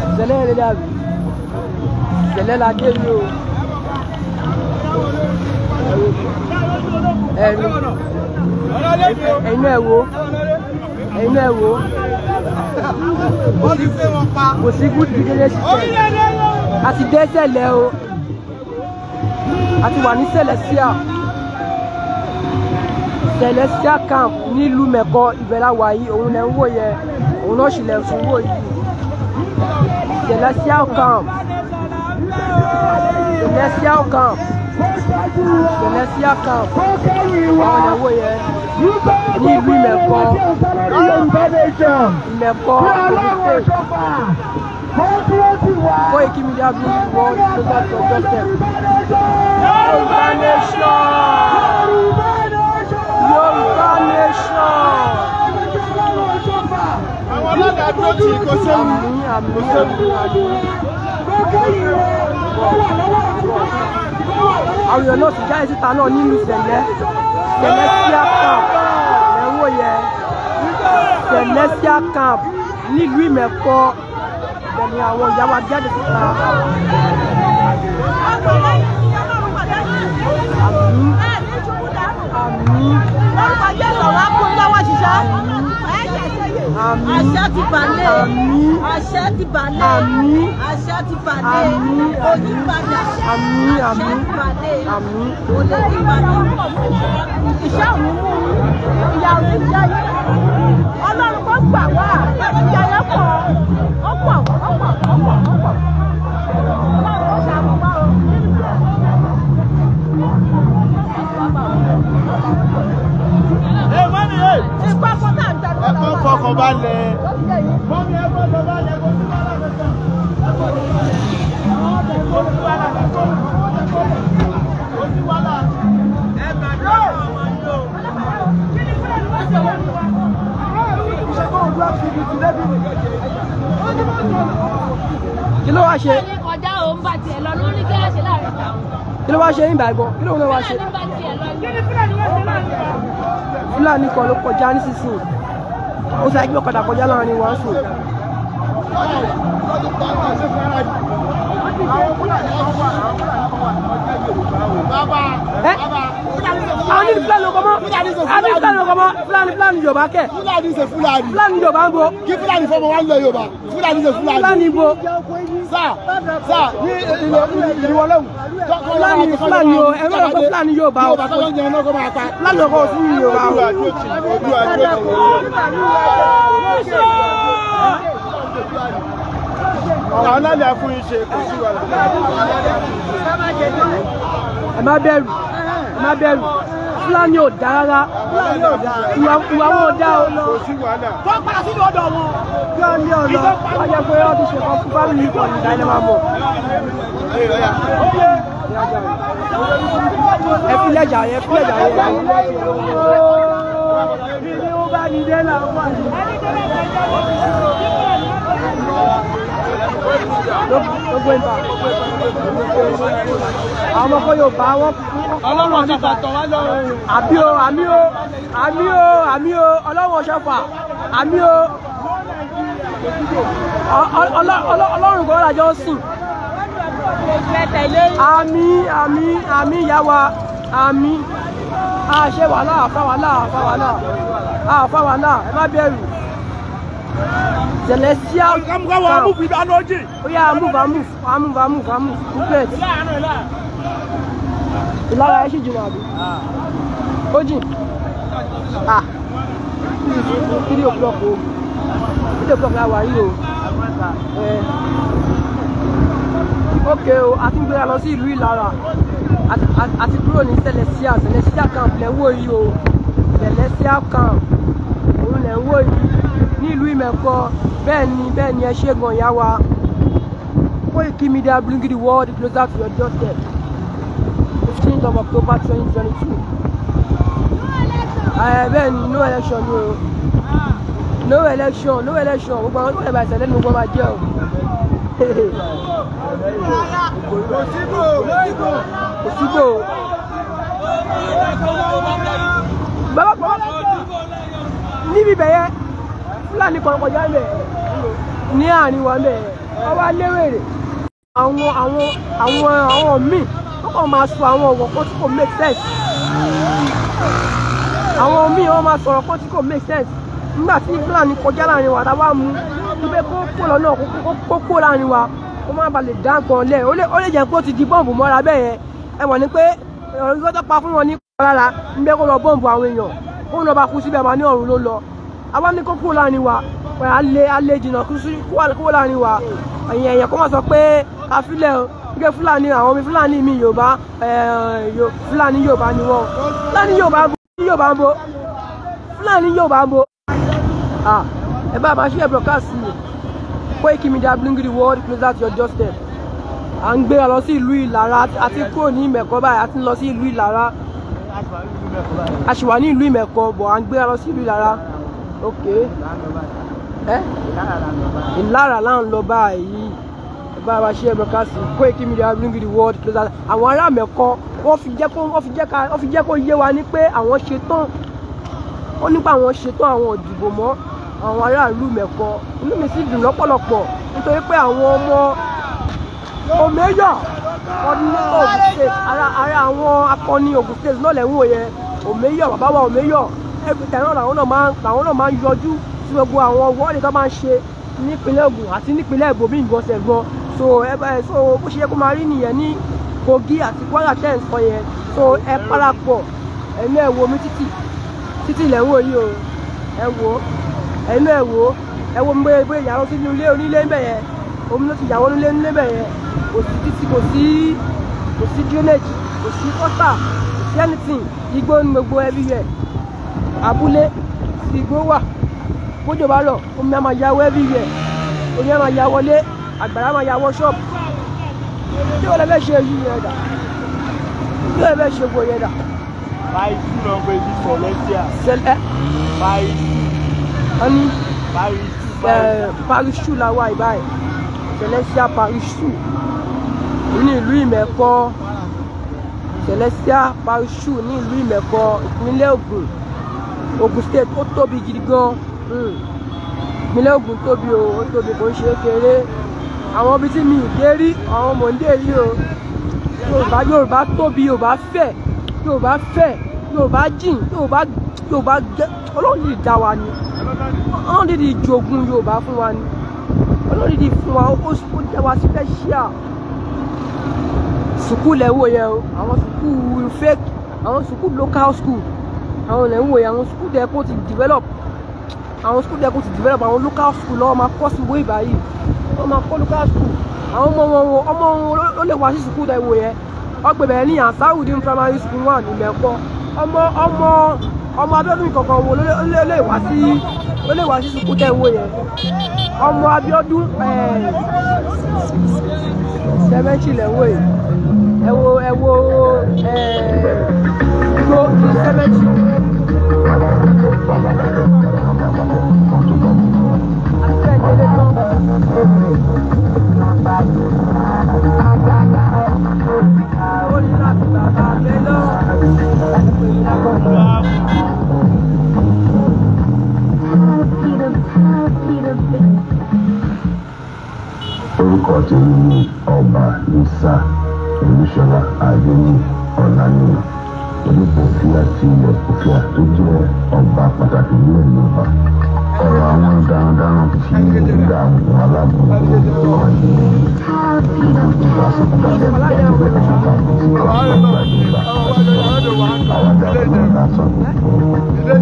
Ìṣẹ̀lẹ̀ rẹ̀ dàbí. Ìṣẹ̀lẹ̀ la dé mi o. Ẹ̀rí. Ẹ̀yin ẹ̀ wo. Ẹ̀yin ẹ̀ wo. Kò sí good relationship. A ti dẹ́sẹ̀ lẹ́ o a ti wà ní Celestial camp nílùú Mẹ̀kọ ìbẹ̀láwà yìí òun lẹ̀ ń wò yẹ òun náà sì lẹ̀ ń fún wò yìí Celestial camp Celestial camp Celestial camp àwọn lẹ̀ ń wò yẹ ní ìlú Mẹ̀kọ Mẹ̀kọ òkúté. Koiki Media brings the world closer to your doorstep. Yorùbá nation! Yorùbá nation! Àwọn ọlọ́dà dúró tì í kò séwu. Kò séwu. Àwọn èèyàn náà sì jáde síta náà nínú ìṣẹ̀lẹ̀. Celestial camp lẹ́wọ̀ yẹn. Celestial camp nílùú Ìmẹ̀kọ ni àwọn ìyá wa jáde síta. àmì àmì àmì àṣẹ ti balẹ̀ àmì àṣẹ ti balẹ̀ àmì àṣẹ ti balẹ̀ àmì onípadà àmì àṣẹ ti balẹ̀ àmì olè ti balẹ̀ ìṣẹ́ òní mú ìyá òní jáyé ọlọ́run kò gbà wá ìyá yẹn kò ẹ̀kọ́ fọkàn balẹ̀ mọ́mí ẹ̀kọ́ fọkàn balẹ̀ kó tún bá lábẹ́sàn kí ló wá ṣe. kọjá o ń bá tiẹ̀ lọ lórí kí ló ṣe láàrin ìgbà wọn. kí ló wá ṣe yín bàgbọ́ kí ló ń wá ṣe. fúlàní kan ló kọjá nísinsìnyí ó sáré gbé ọ̀kadà kọjá láàrin wa sùn. Àwọn ní fúlàní ọkọ̀ mọ́, àwọn ní fúlàní ọkọ̀ mọ́, fúlàní fúlàní Yorùbá kẹ̀. Fúlàní ṣe fúlàní. Fúlàní Yorùbá ń bo. Kí fúlàní fọmọ wa ń lọ yorùbá fúlàní ṣe fúlàní. fúlàní bo. sá sá ní ilé ìwọlọ́wù. fúlàní fúlàní o ẹ̀rọ lọ́kọ̀ fúlàní yorùbá o. yorùbá tọ́jọ́ jẹun lọ́kọ̀ máa pa. fúlàní lọ́kọ̀ sí yorùbá o. ojú àjọ òkè àwọn alálẹ̀ fún iṣẹ́ kò sí wàhálà. ẹ má bẹ̀rù ẹ má bẹ̀rù fúlàní ò dára ìyàwó ọ̀dà o tó padà sínú ọ̀dọ̀ wọn. kí wọ́n ní ọ̀nà ọjà pé wọ́n ti ṣèkọ́ fún fámìlì ìbò ní dynama mọ̀. ẹ fi lẹ́jà yẹn fi lẹ́jà yẹn. bí ni ó bá ní dé là ń wà ní àwọn ọmọ kọ́ yóò bá wọn. ọlọ́run ti bàtọ̀ wá lọ́rùn. àmì o àmì o àmì o àmì o ọlọ́run ọ̀ṣọ́fà àmì o ọlọ́run kọ́ làjọ sùn. àmì àmì àmì ìyá wa àmì àṣẹ wàhálà àfáwàhálà àfáwàhálà àfáwàhálà ẹ má bẹ̀rù. Celestial. I'm going to move with energy. Oh yeah, I move, I move, I move, I move, I move. Good. Ìlara ẹ ṣì jìnnà àbí? Ó jìn. Ah! Three o'clock o. Three o'clock la wà o. Eh. Ok o, a ti ń gbéra lọ sí ìlú Ìlara. A ti kúrò ní Celestial. Celestial camp lẹ́ ń wò o. Celestial camp. Òun lẹ́ ń wò nílùú ìmẹ̀kọ bẹ́ẹ̀ ni bẹ́ẹ̀ ni ẹ ṣe gan ìyá wa Koiki Media bringing the world closer to your doorstep fifteenth of October twenty twenty two bẹ́ẹ̀ ni no election ni o no election no election gbogbo àwọn tó wọlé bàtà lẹ́nu gbogbo máa jẹ́ o. kò síbò kò síbò kò síbò. bàbá níbi bẹ̀yẹ fúlàní kan kọjá ń bẹ̀ ní àárín wa bẹ̀ ọ wá léwèrè àwọn àwọn àwọn àwọn míì wọ́n kàn máa sọ àwọn ọ̀wọ̀ kan tí kò make sense àwọn míì wọ́n máa sọ̀rọ̀ kan tí kò make sense nígbà tí fúlàní kọjá láàrin wa táwa mú ibẹ̀ kó kó lọ náà kó kó láàrin wa kó má balẹ̀ dá nǹkan lẹ̀ ó lè jẹ́ pé ti di bọ́ǹbù mọ́ra bẹ́ẹ̀ yẹn ẹ wọ̀ ni pé ọ̀rọ̀ ìgbọ́dọ̀ pa fún wọn ní rárá ń bẹ́ kó lọ bọ́ǹbù àwọn èèyàn ó lọ bá kú síbẹ̀ máa ní ọ̀run ló lọ àwa ní kó kúrò láàrin wa alẹ́ alẹ́ jìnnà kúrò láàrin wa ẹ̀yìn ẹ̀yìn kó má sọ pé àfilẹ̀ o gẹ́gẹ́ fúlàní àwọn ọmọ fúlàní mi yorùbá fúlàní yorùbá ni wọ́n fúlàní yorùbá bo yorùbá bo fúlàní yorùbá bo ẹ bá máa ṣe ẹ broadcast mi Koiki Media bring the world closer to your doorstep à ń gbéra lọ sí ìlú ìlara àti kúrò ní ìmẹ̀kọ báyìí àti lọ sí ìlú ìlara a sì wà ní ìlú ìmẹ̀kọ bọ̀ à ń gbéra lọ sí ìlú ìlara ok ìlara là ń lọ báyìí bá wa ṣe ẹ̀bùrọ̀kásì Koiki Media bring the world closer àwọn ará mẹ́kọ́ wọ́n fi jẹ́ kó wọ́n fi jẹ́ ká wọ́n fi jẹ́ kó yé wa ní pé àwọn ṣetán ó nípa àwọn ṣetán àwọn òdìbò mọ́ àwọn aráàlú mẹ́kọ́ inú mi sì dùn lọ́pọ̀lọpọ̀ nítorí pé àwọn ọmọ omeya ọdún Ogun State ara àwọn akọni Ogun State náà lẹ́hìn òye omeya bàbá wa omeya every time náà làwọn náà máa làwọn náà máa yọjú sí gbogbo àwọn wọ́ọ̀dì tó máa ń ṣe nípínlẹ̀ Ògùn àti nípínlẹ̀ ìbòmí ìgbọ̀nsẹ̀ gan so ẹ so bó ṣe yẹ kó máa rí nìyẹn ní Kogi àti Kwara tẹ̀ ń sọ yẹn so ẹ parapọ̀ ẹ̀mí ẹ̀ wo mi títì títì ilẹ̀ ń wò yìí o ẹ wo ẹ̀mí ẹ̀ wo ẹ wo mi bóyá bóyá ìyàwó sínú ilé onílé ń bẹ̀ yẹn omi ló ti yàwó nílé nílé bẹ̀ yẹn kò sí títì kò sí kò sí drainage kò sí water kò sí anything igbó ní gbogbo everywhere abúlé tí igbó wà bójò bá rọ̀ omi á máa yawọ́ everywhere omi á máa ya wọlé àgbàrá máa yawọ́ ṣọ́ọ̀bù tí wọ́n lè fẹ́ ṣe èyí yẹn dà tí wọ́n lè fẹ́ ṣe gbò yẹn dà. báyìí tún lọ gbé ní sọlẹ́tíà. sẹlẹ. báyìí tún. wọ́n ní. báyìí tún parisu la wà ìbáyìí celestia parisu ní ìlú ìmẹ̀kọ celestia parisu ní ìlú ìmẹ̀kọ ìpínlẹ̀ Ògùn. Ògùn state ó tóbi gidi gan hmm. ìpínlẹ̀ Ògùn tóbi o ó tóbi kò ń ṣe kéré àwọn ibi tí mi ìdé rí àwọn mò ń dé yìí o Yorùbá Yorùbá tóbi Yorùbá fẹ̀ Yorùbá fẹ̀ Yorùbá jìn Yorùbá Yorùbá gẹ Ọlọ́run dìdì dá wa ni Ọlọ́run dìdì jogun Yorùbá fún wa ni Ọlọ́run dìdì fún wa ó dá wa special sùkúù lẹ́wọ̀ yẹn o àwọn sùkúù fake àwọn sùkúù local school àwọn ilẹ̀ ń wòye àwọn skul dẹ̀ kó ti develop àwọn skul dẹ̀ kó ti develop àwọn local school lọ́wọ́ máa kọ́ síwó ìbá yìí wọ́n máa kọ́ local school àwọn ọmọ wọn wo ọmọ wọn ló lè wá sí skul dẹ̀ wòye ọgbẹ̀bẹ̀ ní Ansarudeen primary school wà nílẹ̀ kọ́ ọmọ ọmọ ọmọ Abíọ́dún kankan wo ló lè wá sí ló lè wá sí skul dẹ̀ wòye ọmọ Abíọ́dún sẹ́mẹ́ntì eh, lẹ́wọ̀ yìí ẹ wo ẹ wo ẹ. Eh, go to cemetery. orúkọ tèmi ni ọba nisa olúṣọlá adéyìn ọ̀lànìyàn adébọ̀ tí a ti ilẹ̀ òkè àtó jẹ́ ọba pàtàkì ní ìlúba ọ̀rọ̀ àwọn darandaran tí nígbà àwọn aláàbòrò wà ní ìlú ìgbà sókúta ẹ̀ka ìjọba ìjọba tí kò sí ọgbà ìjọba àwọn darandaran lásán. ilé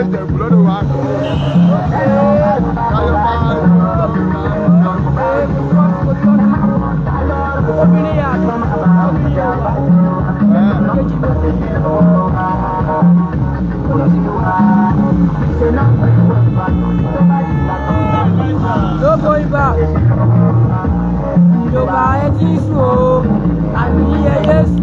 ìjẹ̀bù ilé ìjẹ̀bù lọ́dọ̀ wa. No going back. ẹ ti sùn o, àbí ẹ yé sùn.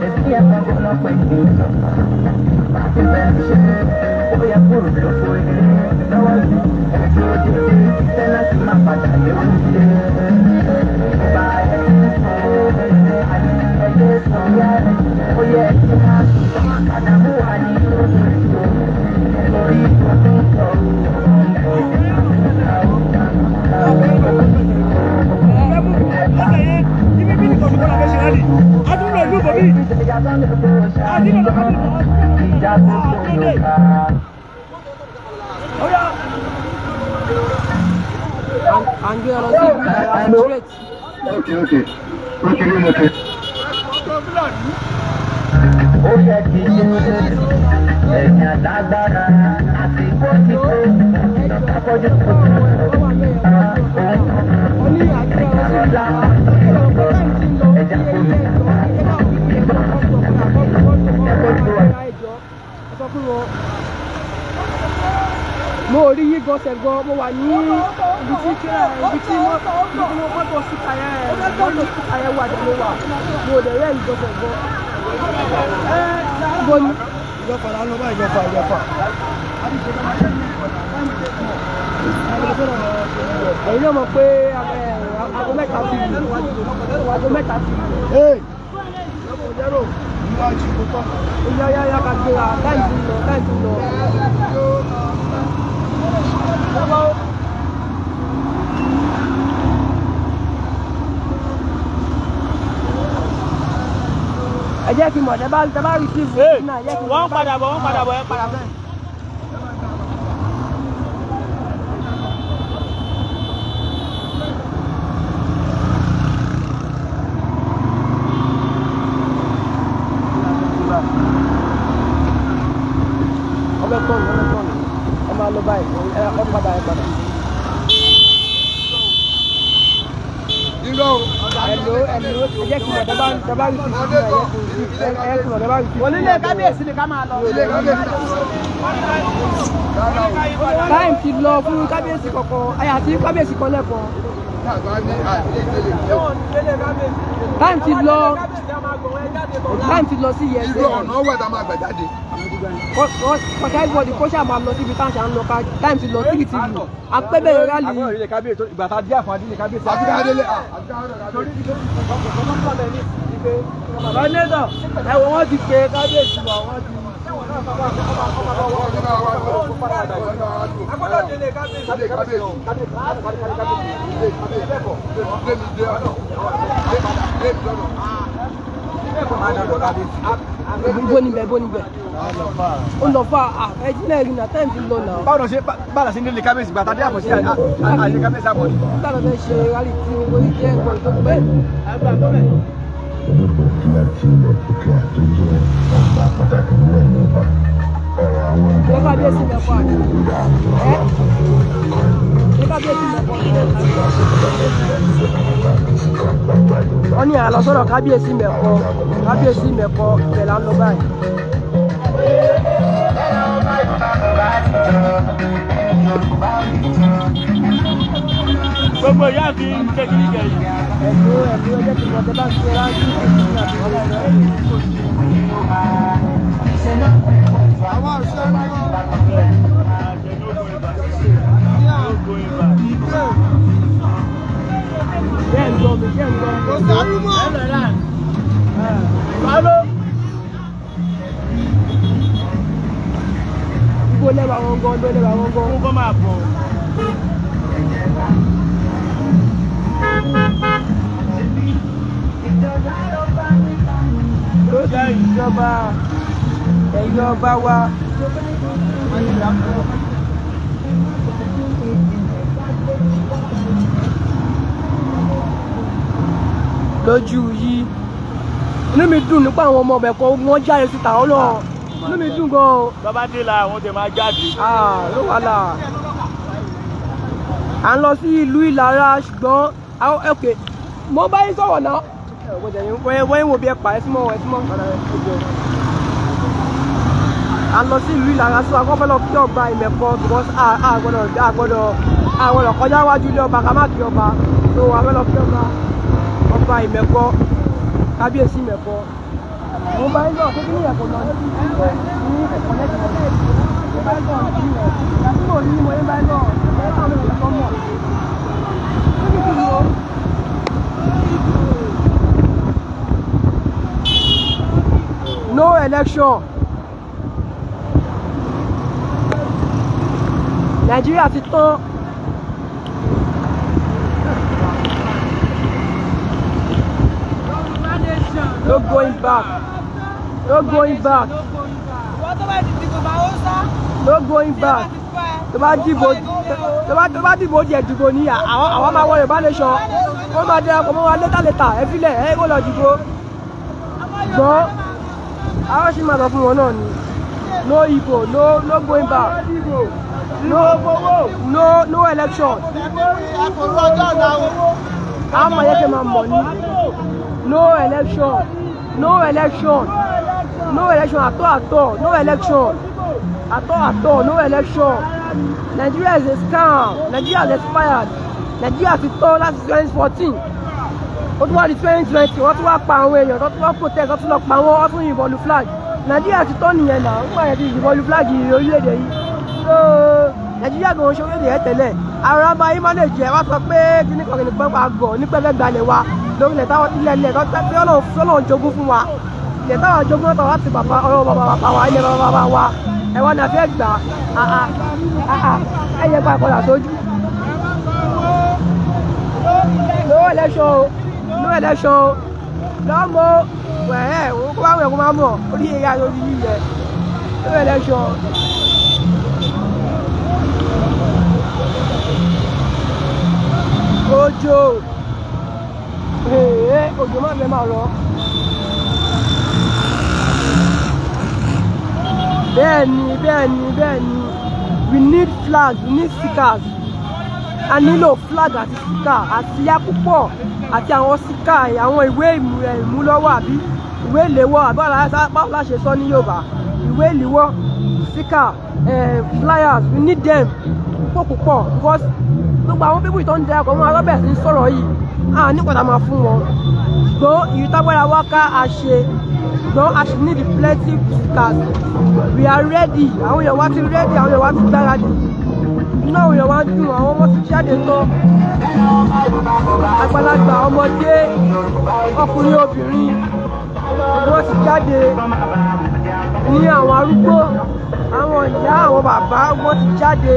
It's the FM, it's not like Look it. ọ̀sẹ̀ gan mo wà ní ibi tí kíra ibi tí mọ́tò síta yẹn mọ́tò síta yẹn wà dẹ̀ ló wà mo ò dẹ̀ rẹ́ ìjọsẹ̀ gan. ẹ gbọ́ ni. ìjọba la ń lọ bá ìjọba ìjọba. èyí náà mọ̀ pé aago mẹ́ta ti aago mẹ́ta ti. Ìyá ya ya ka gbéra láì tún lọ láì tún lọ ẹ jẹ́ kí mọ̀ tẹ́ bá rí sí ìfún náà ẹ jẹ́ kí mọ̀. wọ́n padà bọ̀ wọ́n padà bọ̀ ẹ padà bẹ́ẹ̀. yẹ́kìlọ̀ tẹ́ bá ń tẹ́ bá ń fi sílẹ̀ yẹ́kìlọ̀ tẹ́ bá ń fi sílẹ̀. onílé kábíyèsí ni ká máa lọ. táìm ti lọ fún kábíyèsí kọ̀ọ̀kan àyà kábíyèsí kan lẹ́kọ̀ọ́. táìm ti lọ táìm ti lọ sí yẹn. ìlú ọ̀nà ọ̀wẹ̀ tá máa gbà jáde kọ̀ṣà ìwọ́dì kó ṣàmà lọ síbi tá à ń ṣà ń lọ ká táìmù ti lọ síbi ti lù apẹ́bẹ̀ yọrá lì. àwọn ìrìnlẹ̀ kábíyèsí ìgbà tá a dí àfọ̀n àdínlẹ̀ kábíyèsí àdínlẹ̀ àdínlẹ̀ àdínlẹ̀. ọ̀nẹ́dọ̀ ẹ̀wọ̀n wọn ti pe kábíyèsí wa wọn ti. kábíyèsí kábíyèsí kábíyèsí ìbò níbẹ̀ ìbò níbẹ̀ ó lọ fa ẹjí náà rí náà táyì fi lọ náà. báwo ṣe báwo ṣe nílé kábíyèsí gbàtà dé àbọ̀sí àyè kábíyèsí àbọ̀dé. nígbà tó fẹ́ ṣe rálì tí orí jẹ́ ẹ̀kọ́ tó pé. Nígbà tí ilẹ̀ òkè àtúnjẹ ọgbà pàtàkì ní ẹ̀yìn ọba wọ́n ní àlọ́sọ̀rọ̀ kábíyèsí mẹ́kọ kábíyèsí mẹ́kọ tẹ̀lá ló báyìí. gbogbo ìyá mi ń tẹ̀lé ìjẹ yìí. ẹ̀dùn ẹ̀dùn ẹgbẹ́ tí mo tẹ́ bá ń ṣe láti ẹ̀dùn àti ọ̀la ìrọ̀lẹ́ yìí kò sí. Ibo lẹ́bàá wọn gan, ibo lẹ́bàá wọn gan. Ó kọ́ máa bọ̀. Ó dá ìjọba ẹ̀yin ọba wa wọ́n ti rà lójú yìí inú mi dùn nípa àwọn ọmọ ọbẹ̀ kan wọ́n jáde síta ọlọ́ inú mi dùn gan o. bàbá dé la àwọn tẹ máa jáde. ló wà là à ń lọ sí ìlú ìlara ṣùgbọ́n okay mo bá yín sọ̀rọ̀ náà wọ́n ń wo bí ẹ pa ẹ sí mọ́ ẹ sí mọ́ à ń lọ sí ìlú Ìlara so akọ́ fẹ́ lọ kí ọba ìmẹ̀kọ because àgbọ̀dọ̀ àgbọ̀dọ̀ àgbọ̀dọ̀ kọjá wájú ilé ọba ká má kí ọba so a fẹ́ lọ kí ọba ọba ìmẹ̀kọ kábíyèsí ìmẹ̀kọ. mo bá ń lọ pé kí ni ẹ̀kọ́ lọ ní ẹ̀kọ́ lẹ́kọ̀ọ́ No election. nàìjíríà ti tán. no going back no going back no going back tó bá dìbò tó bá dìbò jẹ dìbò ní àwọn máa wọ yorùbá nation wọn máa dẹ ọkọ mọ wa létà létà ẹ filẹ ẹ kó lọ dìbò gbọ́n àwọn sì máa lọ fún wọn náà ni no ibo no no going back no no no election a máa yẹ kí no election no election no election at all at all no election at all at all no election Nigeria is a scam Nigeria is expired Nigeria is tán láti 2014. What ó the 2020? What twenty power? wọ́n tún wá pa àwọn èèyàn wọ́n tún wá protest wọ́n tún lọ pa wọ́n wọ́n flag Nigeria is tán nìyẹn náà wọ́n yẹ ti yìnbọn flag You're èdè there so nàìjíríà gan oṣù orílẹ̀ èdè tẹ́lẹ̀ àwọn ọmọ yìí mọ́nẹ̀jì ẹ̀ wá sọ pé kíní kan kìnnìkan pa gọ̀ ní gbalẹ̀ wa lórílẹ̀ táwọn ilẹ̀ ilẹ̀ tó tẹ́ tọ́lọ́run jogún fún wa ilẹ̀ táwọn jogún náà láti bàbá ọ̀rọ̀ bàbá bàbá wa ilẹ̀ bàbá bàbá wa ẹ̀ wọ́n nàfẹ́ gbà ẹ̀ yẹ pàpọ̀ là sójú. no election lọ́mọ wẹ̀ẹ́ kó bá wẹ̀ kó má mọ̀ orí ẹ̀yà lórí yìí yẹ no election. òjò èè òjò má fẹ́ máa rọ. bẹ́ẹ̀ni bẹ́ẹ̀ni bẹ́ẹ̀ni we need flags we need stickers a nílò flag àti sticker àti yá púpọ̀ àti àwọn sticker àwọn ìwé ìmúlọ́wọ́ àbí ìwé ìléwọ́ àbí báwo la ṣe sọ ní Yorùbá ìwé ìléwọ́ sticker flyers we need them púpọ̀ púpọ̀ because gbogbo àwọn pípù tó ń dẹ ọkọ̀ wọn alábẹ̀ sí sọ̀rọ̀ yìí à ní padà máa fún wọn gbọ́ ìyítágbára wá ká a ṣe gbọ́ a sì need plenty cars we are ready àwọn èèyàn wa ti ready àwọn èèyàn wa ti gbáradì iná àwọn èèyàn wa ń dùn àwọn ọmọ ti jáde tán àgbàlagbà ọmọdé ọkùnrin obìnrin wọ́n ti jáde ní àwọn arúgbó àwọn ìyá àwọn bàbá wọ́n ti jáde.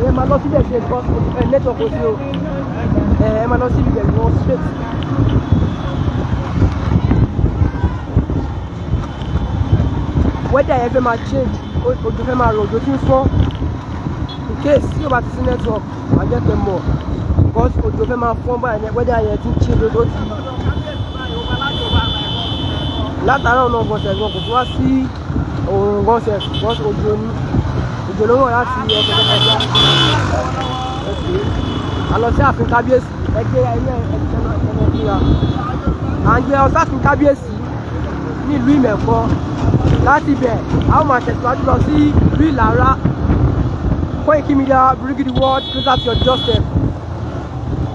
ẹ máa lọ síbẹ̀ ṣe gbọ́ ẹ network kò sí o ẹ máa lọ sí ibẹ̀ gbọ́ straight. change ojú fẹ́ máa rọ̀ ojú tí in case you o bá ti sí network wàá jẹ́ more. mọ̀ because ojú fẹ́ my phone by wẹ́dà yẹn ti ń change ojú tí. látara ọ̀nà ọ̀gbọ̀nsẹ̀ I want. fún wa sí òun gbọ̀nsẹ̀ gbọ́sẹ̀ ojú oní òjò ló wọ̀ láti ẹgbẹ̀rẹ̀kẹ̀já àlọ́ sí ààfin kábíyèsí ẹgbẹ́ ẹgbẹ́ ẹgbẹ́ ìlà à ń gbé ọ sáàfin kábíyèsí nílùú ìmẹ̀kọ láti bẹ̀ a ó máa tẹ̀síwájú lọ sí ìlú ìlara Koiki Media bringing the world closer to your doorstep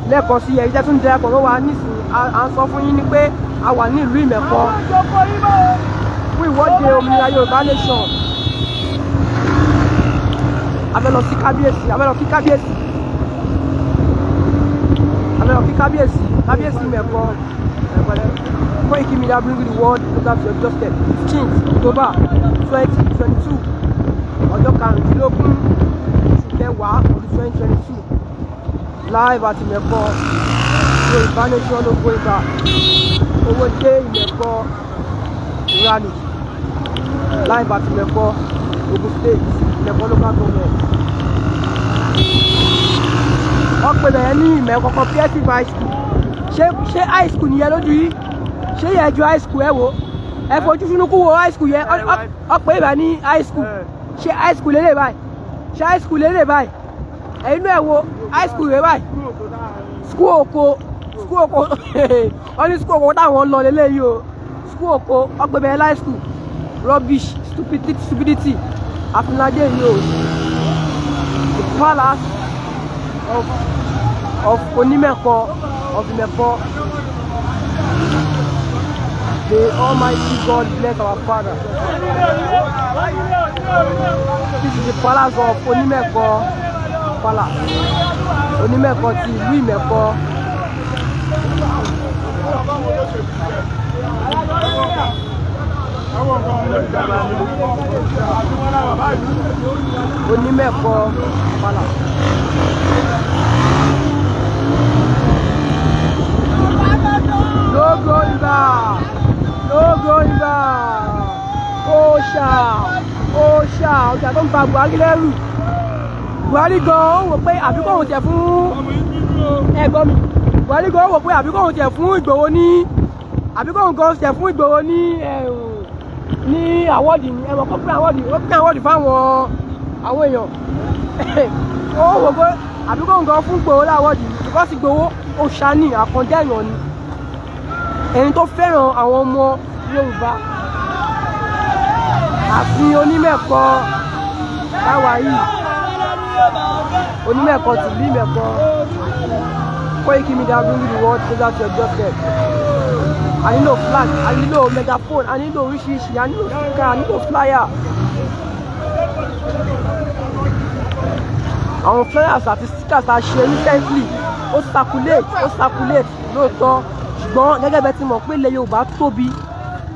lẹ́ẹ̀kan sí ẹ̀yí tẹ́tún dẹ́pọ̀ mọ́ wa nísìnyí à ń sọ fún yín ni pé a wà ní ìlú ìmẹ̀kọ fún ìwọ́de òmìnira Yorùbá nation abẹ́ lọ sí kábíyèsí abẹ́ lọ kí kábíyèsí abẹ́ lọ kí kábíyèsí kábíyèsí mẹ̀kọ́ ẹ̀pẹ̀lẹ́ Koiki Media bring the world program to your doorstep fifteenth October twenty twenty two ọjọ́ karùndínlógún oṣù kẹwàá ọdún twenty twenty two live àti mẹ̀kọ́ yorùbá nation ló gbóyè bá owó dé ìmẹ̀kọ́ ìrànì láì bá tilẹ̀ kọ́ Ogun State Ìmẹ̀kọ́ local government. wọ́n pè bẹ̀rẹ̀ ní Ìmẹ̀kọ́kọ́ psv high school ṣé ṣé high school nìyẹn lójú yìí ṣé yẹn ju high school ẹ wò ẹ fojú fúnukú wo high school yẹn ọ̀pọ̀ ìbá ní high school ṣé high school lélẹ̀ báyìí ṣé high school lélẹ̀ báyìí ẹ̀yin náà wo high school rẹ báyìí school oko school oko wọ́n ní school oko táwọn ń lọ lélẹ̀ yìí o school oko ọ̀pẹ̀ bẹ̀rẹ̀ high school rubbish, stupidity, stupidity. Afinlade knows the palace of of Onimeko of Imepo. The Almighty God bless our father. This is the palace of Onimeko palace. Onimeko ti ìlú Ìmẹ̀kọ onímẹ̀kọ́ pala. lógo ibà lógo ibà òòṣà òòṣà òòṣà tó ń ba Buhari lẹ́rù Buhari gan-an ó wò pé àbíkó òun jẹ fún ẹ̀gbọ́n mi Buhari gan-an ó wò pé àbíkó òun jẹ fún Ìgbòho ní àbíkó òun gan-an fún Ìgbòho ní ẹ̀rùn. Eh, ní àwọ́dì ẹ̀mọ̀ kan pín àwọ́dì ó pín àwọ́dì fáwọn àwọn èèyàn ó wò pé àbí kò ń gan fún Ìgbòho láwọ́dì bíkọ́sì Ìgbòho ó ṣàní àkàndá èèyàn ni ẹni tó fẹ́ràn àwọn ọmọ Yorùbá àfi onímẹ̀kọ báwa yìí onímẹ̀kọ tìlú ìmẹ̀kọ Koiki Media bring the world closer to your doorstep a nílò flag a nílò megaphone a nílò oríṣiríṣi a nílò sticker a nílò flyer àwọn flyers àti stickers tá a ṣe recently ó circulate ó circulate lóòótọ́ ṣùgbọ́n gẹ́gẹ́ bẹ́ẹ̀ ti mọ̀ pé ilẹ̀ Yorùbá tóbi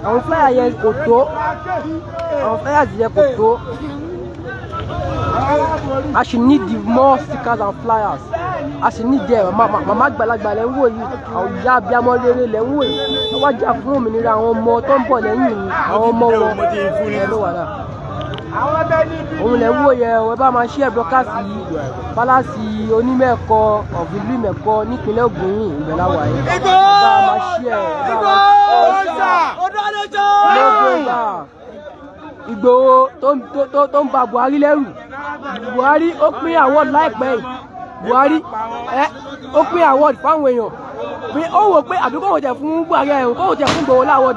àwọn flyer yẹn kò tó àwọn flyers yẹn kò tó a ṣì need the more stickers and flyers a sì nídìí ẹ̀ màmá àgbàlagbà lẹ́ ń wò yìí àwùjá abiyamọ rere lẹ́ ń wò yìí wọ́n wá jà fún òmìnira àwọn ọmọ tó ń bọ̀ lẹ́yìn àwọn ọmọ wọn ẹ wà náà òun lè wò yẹ ọ ẹ bá máa ṣe ẹ̀bùrọ̀kásì pálásì onímẹ̀kọ ọ̀gbìnlú mẹ̀kọ nípínlẹ̀ Ògùn yìí ìgbẹ́ láwà yìí ẹ máa ṣe ẹ ẹ bá máa ṣe Ìgbòho tó ń ba Buhari lẹ́rù Buhari ó pín àwọn láìpẹ́ yìí. Buhari ẹ eh, ó pín award fáwọn èèyàn pé ó wò pé àbí kóhùn jẹ fún Buhari ẹ kóhùn jẹ fún Gbowó láwọd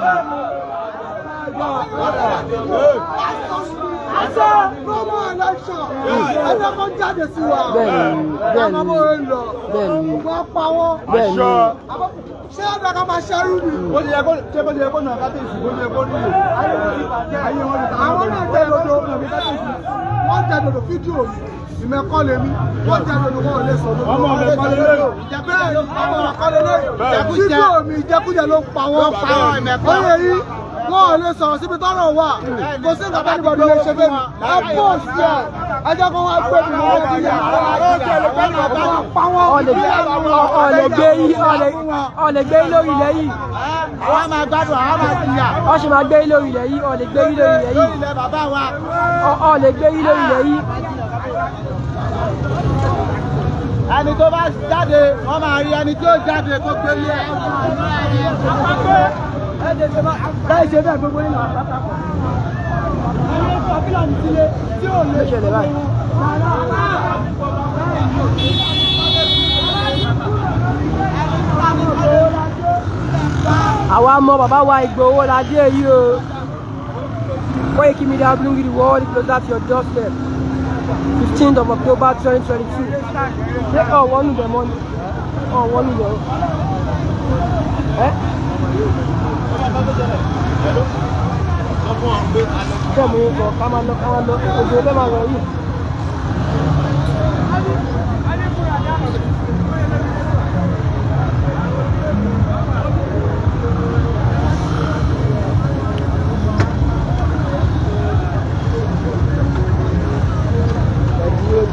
àṣà promo election hmm. ẹ̀dá kan jáde sí wa àwọn ọmọ lọ wọ́n pa wọ́n ṣé ọ̀dọ̀ kan máa ṣẹ́rú mi. bó ti yẹ kó ṣe bó ti yẹ kó nà kábíyèsí bó ti yẹ kó rí rè ayé wọn ti bàjẹ́ ayé wọn ti bàjẹ́ àwọn náà jẹ́ dodo wọ́n jẹ́ dodo fídíò yìí me ìmẹ̀ kọ́ lè mí wọ́n jẹ́ lónìí wọ́n lè sọ̀rọ̀ ọmọ rẹ̀ kọ́ lè lé bẹ́ẹ̀ ni ọmọ rẹ̀ kọ́ lè lé títí omi ìjẹkújẹ ló pa wọ́n pa ó yẹ yí wọ́n lè sọ̀rọ̀ síbi tọ́rọ̀ wà kò sí nǹkan bẹ́ẹ̀ níbọ̀dọ̀ lè ṣe bẹ́ẹ̀ mi àpò sí o ẹjẹ́ kan wá gbé mi lọ́wọ́ sí ẹ̀ ọ̀lẹ̀ gbé yín lórí ilẹ̀ yìí àwọn máa gbádùn àwọn máa ti yà ọ̀ sì máa gbé o lórí ilẹ̀ yìí ọ̀lẹ̀ gbé o lórí ilẹ̀ yìí o gbé yín lórí ilẹ̀ yìí ẹni tó bá jáde wọ́n máa rí ẹni tí ó jáde kó gbé lé ẹ̀. báyìí ṣe bẹ́ẹ̀ gbogbo nínú àpapọ̀. àwọn ẹ̀kọ́ kílà ní sílé tí ò lè ṣẹlẹ̀ báyìí. àwa mọ bàbá wa Ìgbòho ládé yìí o Koiki Media bring the world closer to your doorstep. 15th of October 2022. Ṣé ọ̀wọ́ nù bẹ̀ mọ́ ni? Ọ̀wọ́ nù bẹ̀ mọ́. Bẹ́ẹ̀ mo yẹ kọ, ká máa lọ, ká come lọ, òjò bẹ́ẹ̀ máa lọ yìí.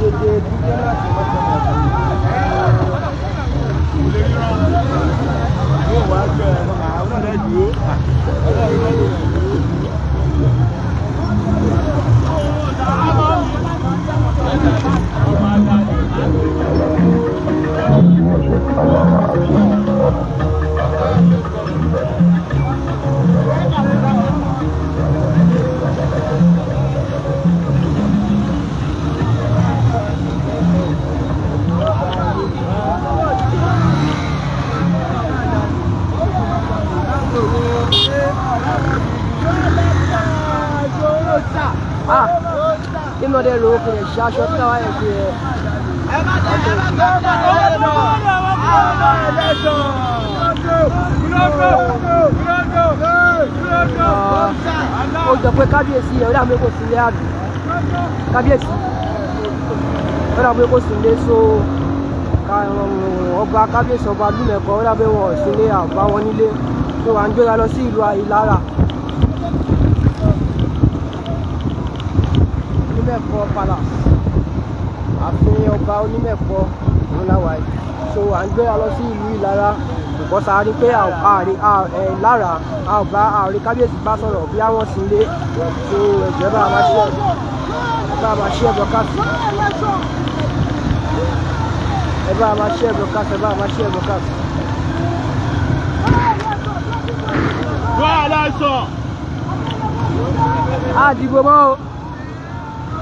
Thank you. im not a row for a shot shot now I appear. ó jọ pé kábíyèsí ẹ̀ ó dàbí kò sí ilé àbí kábíyèsí ó dàbí kò sí ilé so um, ọba kábíyèsí ọba lùmẹ̀kọ́ ó dàbí wọn ò sí ilé àbáwọn nílé tó wà ń gbéra lọ sí ìlú Ìlara. Mẹ́kọ palace ààfin ọba onímẹ̀kọ ńláwàá yìí so à ń gbéra lọ sí ìlú Ìlara because a rí pé àárín lára a ò bá àárín kábíyèsí bá sọ̀rọ̀ bí àwọn sì lé so ẹ̀jẹ̀ bá a máa ṣe ẹ̀bá a máa ṣe ẹ̀bọ̀ káàsì ẹ̀bá a máa ṣe ẹ̀bọ̀ káàsì ẹ̀bá a máa ṣe ẹ̀bọ̀ káàsì. wàhálà sọ. a dìbò mọ́ o.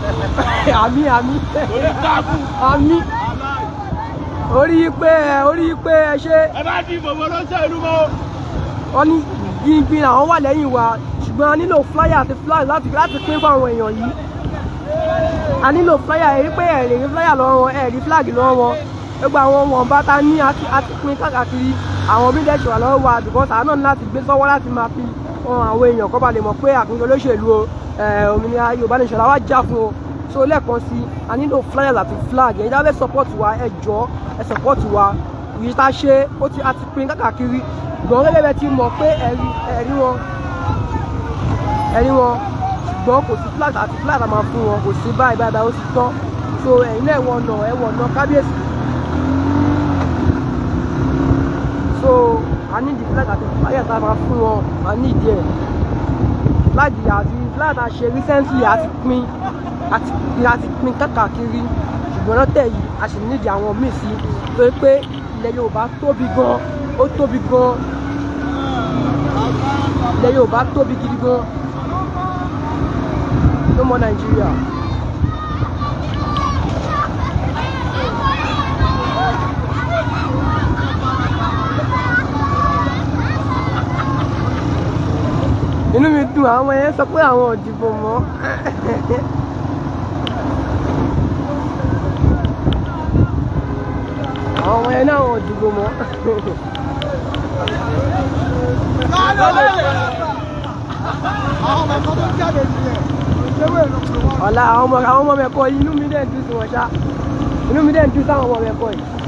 àmì àmì àmì orí pé ẹ orí pé ẹ ṣe. ẹ bá di bòbò lọ́sẹ̀ ìlú mọ́. wọ́n ní gbingbin àwọn wà lẹ́yìn wa ṣùgbọ́n a nílò flyer àti flag láti láti pín fún àwọn èèyàn yìí. a nílò flyer èyí pé ẹ̀rí rí flyer lọ́wọ́ ẹ̀rí flag lọ́wọ́ gbogbo àwọn wọ̀nba ta ní àti káàkiri àwọn bí dẹ́sẹ̀ wà lọ́wọ́ wa because àánú láti gbé sọ́wọ́ láti máa fi hàn àwọn èèyàn kó lè mọ̀ pé àkúnṣe olóṣèlú o òmìnira eh, Yorùbá nation la wá já fún o so lẹ́ẹ̀kan sí a nílò flyers àti flag ẹ̀yin dábẹ́ support wa ẹ jọ ẹ support wa yìí tá a ṣe ó ti a ti pin káàkiri gbọ̀n gẹ́gẹ́ bẹ́ẹ̀ ti mọ̀ pé ẹ̀rí wọn ẹ̀rí wọn ṣùgbọ́n kò sí flag àti flag àmà fún wọn kò sí báyìí báyìí ó ti tán so ẹ̀yin náà ẹ̀wọ̀n náà ẹ̀wọ̀n náà kábíyèsí so a ní ìdí flag àti flag àti àmà fún wọn a ní ìdí ẹ̀ flag àti plan a ṣe recently a ti pin a ti pin káàkiri ṣùgbọ́n lọ́tẹ̀ yìí a sì nídìí àwọn míì sí torí pé ilẹ̀ Yorùbá tóbi gan ó tóbi gan ilẹ̀ Yorùbá tóbi gidi gan ló mọ Nàìjíríà. inú mi dùn àwọn yẹn sọ pé àwọn ò dìbò mọ́. àwọn ọmọ yẹn náà ò dìbò mọ́. ọ̀la àwọn ọmọ mi kọ́ inú mi dẹ̀ ń dùn sí wọn ṣá inú mi dẹ̀ ń dùn sáwọn ọmọ mi kọ́ yìí.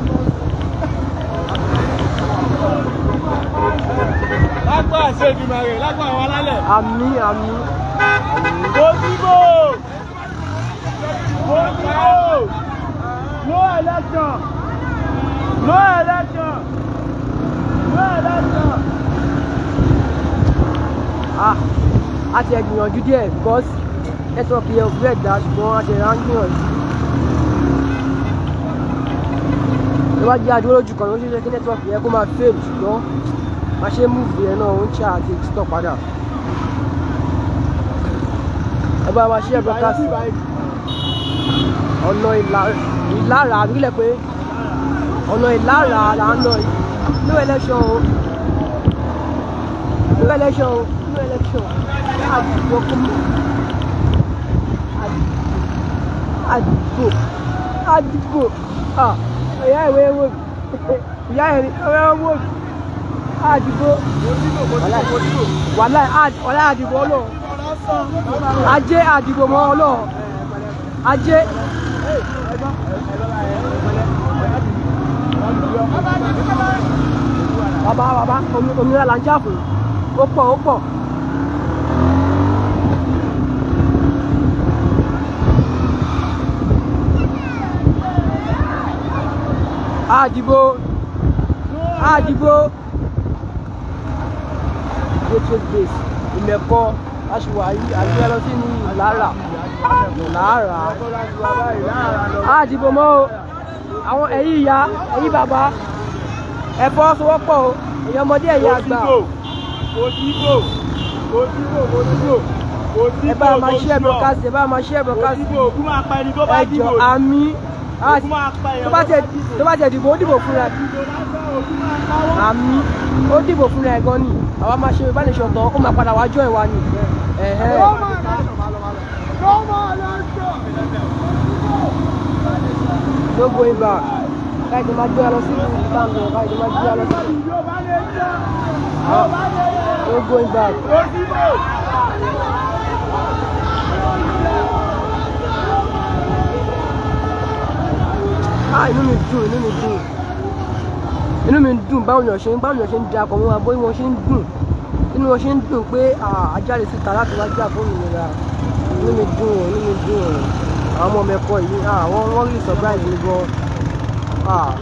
lágbà àṣẹ Èdùmàrè lágbà àwọn alálẹ̀. àmì àmì. mo ti no election no election no election. ah a ti ẹ̀ gbìyànjú díẹ̀ because nẹ́tíwọ́ọ̀kì yẹn ò fi ẹ̀ dá ṣùgbọ́n a ti rà ń gbìyànjú. ìwádìí adúró jù kan ló ṣe é ṣe kí nẹ́tíwọ́ọ̀kì yẹn kó máa fèrè ṣùgbọ́n má ṣe múùfù yẹn náà ń ṣe àti stop padà ẹ bá wa ṣe broadcast ọ̀nà ìlara nílẹ̀ pé ọ̀nà ìlara là ń lọ no election o no election o no election àdìgbò kúmọ̀ àdìgbò àdìgbò ah ìyá ìwé wò mí ìyá ìwé wò àdìgbò wàlá àdìgbò ọlọ́ọ̀ ajé àdìgbò mọ́ ọlọ́ọ̀ ajé. bàbá bàbá òmìnira là ń jà fún ó pọ̀ ó pọ̀. àdìgbò àdìgbò eight days ìmẹ̀kọ aṣùwà àgbẹ̀ lọ sí ní ìlàrà ìlàrà á mọ́ o àwọn ẹ̀yin ìyá ẹ̀yin bàbá ẹ fọwọ́sowọ́pọ̀ o èèyàn ọmọdé ẹ̀yìn àgbà ẹ bá máa ṣe broadcast ẹ bá máa ṣe broadcast ẹjọ àmì tó bá tẹ̀ dìbò ó dìbò fúnra àmì ó dìbò fúnra ẹ̀ gan àwa máa ṣe ìbánisọ̀tọ̀ ó máa padà wá jọ ìwà ni. gbogbo ìgbà káyọ̀dé máa gbéra lọ sí ìlú ìtàǹdù káyọ̀dé máa gbéra lọ sí ìlú. gbogbo ìgbà. Ah, inú mi dùn inú mi dùn inú mi ń dùn báwọn èèyàn ṣe ń báwọn èèyàn ṣe ń di akọ wọn bóyá wọn ṣe ń dùn inú wọn ṣe ń dùn pé àjáde síta láti wá jà fún òmìnira inú mi dùn inú mi dùn àwọn ọmọ mi ẹ̀kọ́ yìí àwọn wọn rí surprise mi gan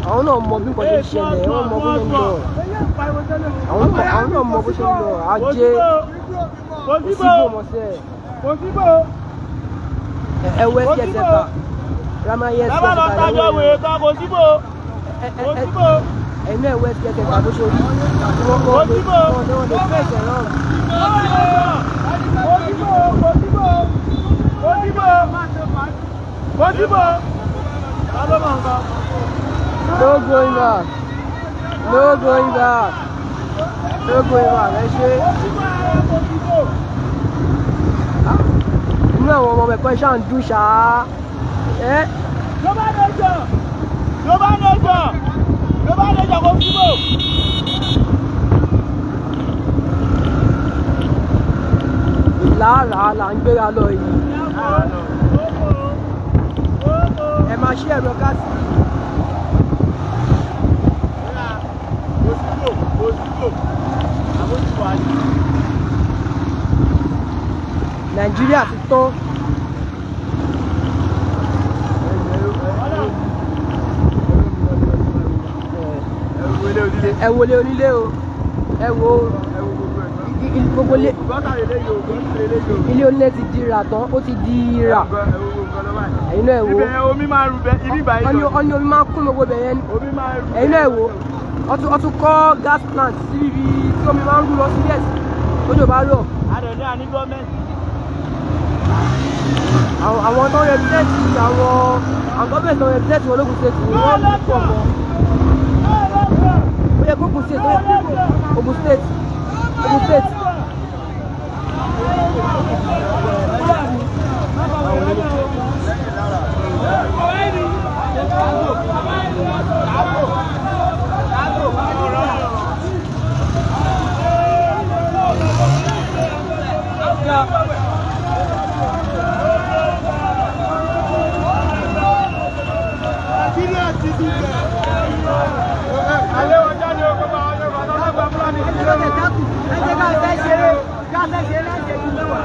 àwọn náà mọ bí nǹkan ṣe ṣẹlẹ̀ wọ́n mọ bó ṣe ń lọ àwọn náà mọ bó ṣe ń lọ ajé òsínbó mọ̀sẹ̀ ẹ̀wẹ́ sí ẹ̀sẹ̀ ta ramayẹ sí ẹ̀sẹ̀ ta lọ́wọ́ ẹ̀ ẹ̀ ẹ̀ ẹ̀mí ẹ̀ west gẹ̀gẹ̀ tàbí ṣe orí wọn kọ́ pé wọn lè wọ́n lè fẹ́ ẹ̀sẹ̀ náà. No going back. No going back. No going back. Ẹ ṣe. Inú àwọn ọmọ ẹ̀kọ́ iṣẹ́ à ń dùn ṣáá. Ló bá lọ jọ láàrá là ń gbéra lọ yìí ẹ máa ṣí ẹ̀rọ káàsì. nàìjíríà ti tó. ẹ wọlé onílé o ẹ wo gbogbo ilé ilé onílé ti di rà tán ó ti di rà ẹ̀yin náà ẹ wo omi máa rù bẹ ibi ìbàyí lọ ọ ní omi máa kún gbogbo bẹ yẹn ẹ̀yin náà ẹ wo ọ tún kọ́ gas plant síbi tí omi máa ń rú lọ sí díẹ̀ sí tójò bá rọ̀. àdọ̀dọ̀ àní gọ́ọ̀mẹ̀ntì àwọn tó represent àwọn àgọ́bẹ̀ tó represent ológun state ni wọ́n pọ̀ mọ́ ó yẹ kó Ògùn state ó yẹ Ògùn state Ògùn state. Thank you. ló lè dákù ẹ jẹ́ ká fẹ́ ṣeré ká fẹ́ ṣeré láti ẹ̀jú mẹ́wàá.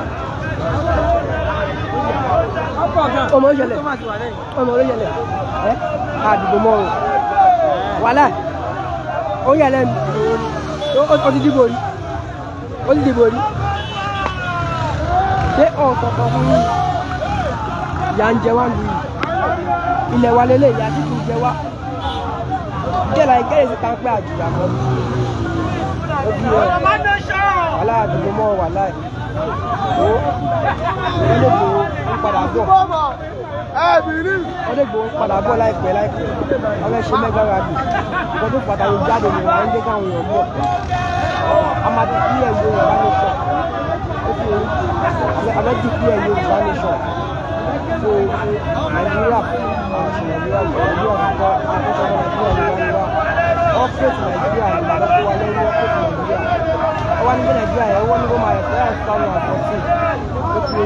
ọmọ yẹlẹ ọmọ yẹlẹ ẹ àdìgbò mọ o wàhálà ó yẹlẹ ó ti dìbò rí ó ti dìbò rí ṣé ọ̀kọ̀ọ̀kan fún yín ilẹ̀ wa lélẹ̀ ìyá títún jẹ wá kí ẹ̀ láì kẹ́rẹ̀ẹ́sì kan pé kan wàhálà àdúgbò mọ́ wàhálà ó ọdẹ́gbò ń padà bọ̀ ọdẹ́gbò ń padà bọ̀ láìpẹ́ láìpẹ́ ọlẹ́ ṣe mẹ́gbàrà bì nǹkan tó pàtàkì jáde ní wàá ń dé káwọn èèyàn mọ̀ a máa ti pílẹ̀ Yorùbá nation ó fi abẹ́ ti pílẹ̀ Yorùbá nation so Nàìjíríà àwọn ìṣẹ̀lẹ̀ Nàìjíríà Nàìjíríà kọ́ àkókò Nàìjíríà Nàìjíríà ọ́fíìsì Nàìjíríà ìgbàlódé wa lẹ́yìn wá nílé nàìjíríà yẹn wọ́n ní wọ́n máa yẹ fún láti fáwọn àkọsí ó fi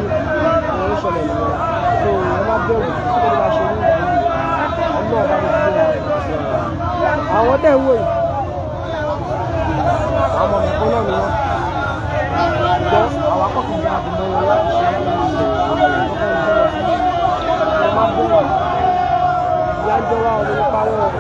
òun ṣọlẹ̀ nìyẹn so wọ́n máa bẹ̀rù kí wọ́n máa ṣe ní ìgbà yìí ọlọ́run bá mi fún wọn. àwọn tẹ̀ ń wò yìí àwọn ọmọ ìkọ́ náà ni wọ́n gbọ́ àwọn akọ́kọ̀ ní àbùmọ̀ wọn láti ṣe ìgbà yìí ọmọ ìjọba ìyájọ́ wa ọ̀rọ̀ nípa wọn.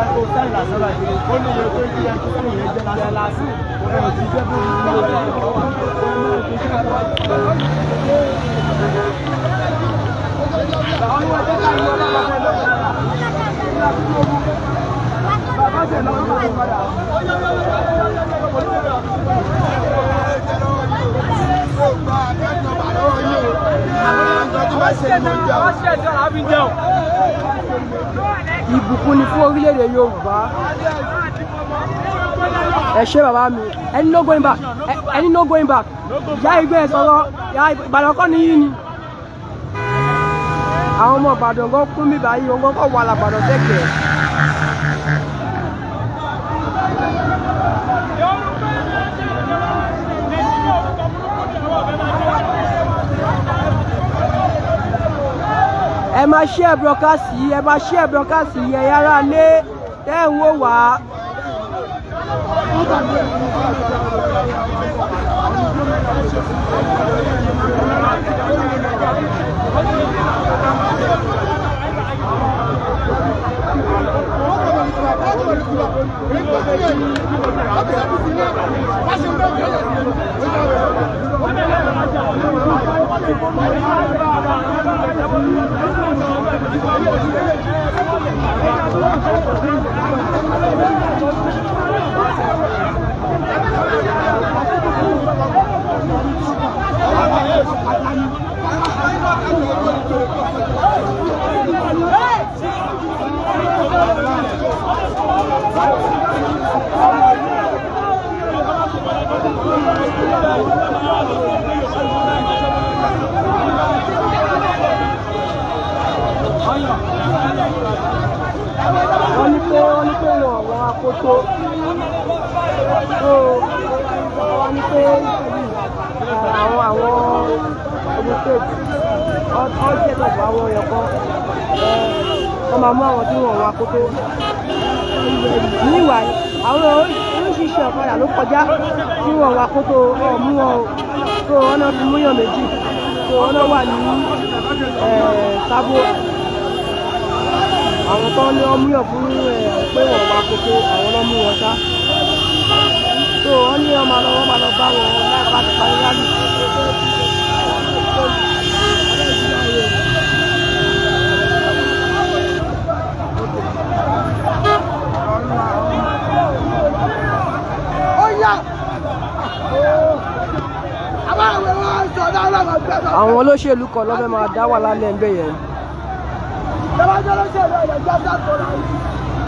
bá tó sáyìn lásán láti ó ní iye tó yẹ kó sáyìn yẹn jẹ lásán lásán ọ̀rọ̀ ti jẹ́ bí wọ́n ti jẹ́ ọ̀rọ̀ Bàbá ṣe lọ́wọ́ bàbá padà. Àwọn ọ̀gá tó bá ṣe ìmọ̀ jẹun ìbùkún ni fún orílẹ̀-èdè Yorùbá ẹ ṣe bàbá mi ẹni no going back ẹni no going back yá igbó ẹ sọ̀rọ̀ yá Ìbàdàn kọ́ nìyí ni àwọn ọmọ Ìbàdàn kan kún mi báyìí wọn kọ́ wà làbàdàn sẹ́kẹ̀ẹ́. ẹ máa share broadcast yìí ẹ máa share broadcast yìí ẹ̀yin ará ilé tẹ́ ẹ̀ ń wò wá. Thank you. èkó àwọn àwọn ogun state wọ́n ṣe tọ̀pọ̀ àwọn èèyàn kan máa mú àwọn tí wọ́n wà kótó níwà àwọn oríṣiríṣi ọ̀kadà ló kọjá tí wọ́n wà kótó ọ̀mú wọn o so wọ́n náà fi múyàn méjì so wọ́n náà wà ní sábò àwọn tó ń lé fún ẹ̀ pé wọ́n wá kókó àwọn ọmú wọn ṣá tó wọ́n ní ọmọ lọ́wọ́ máa lọ bá wọn láti parí rálì. àwọn olóṣèlú kan ló fẹ́ máa dá wà lálẹ́ ń bẹ̀ yẹn.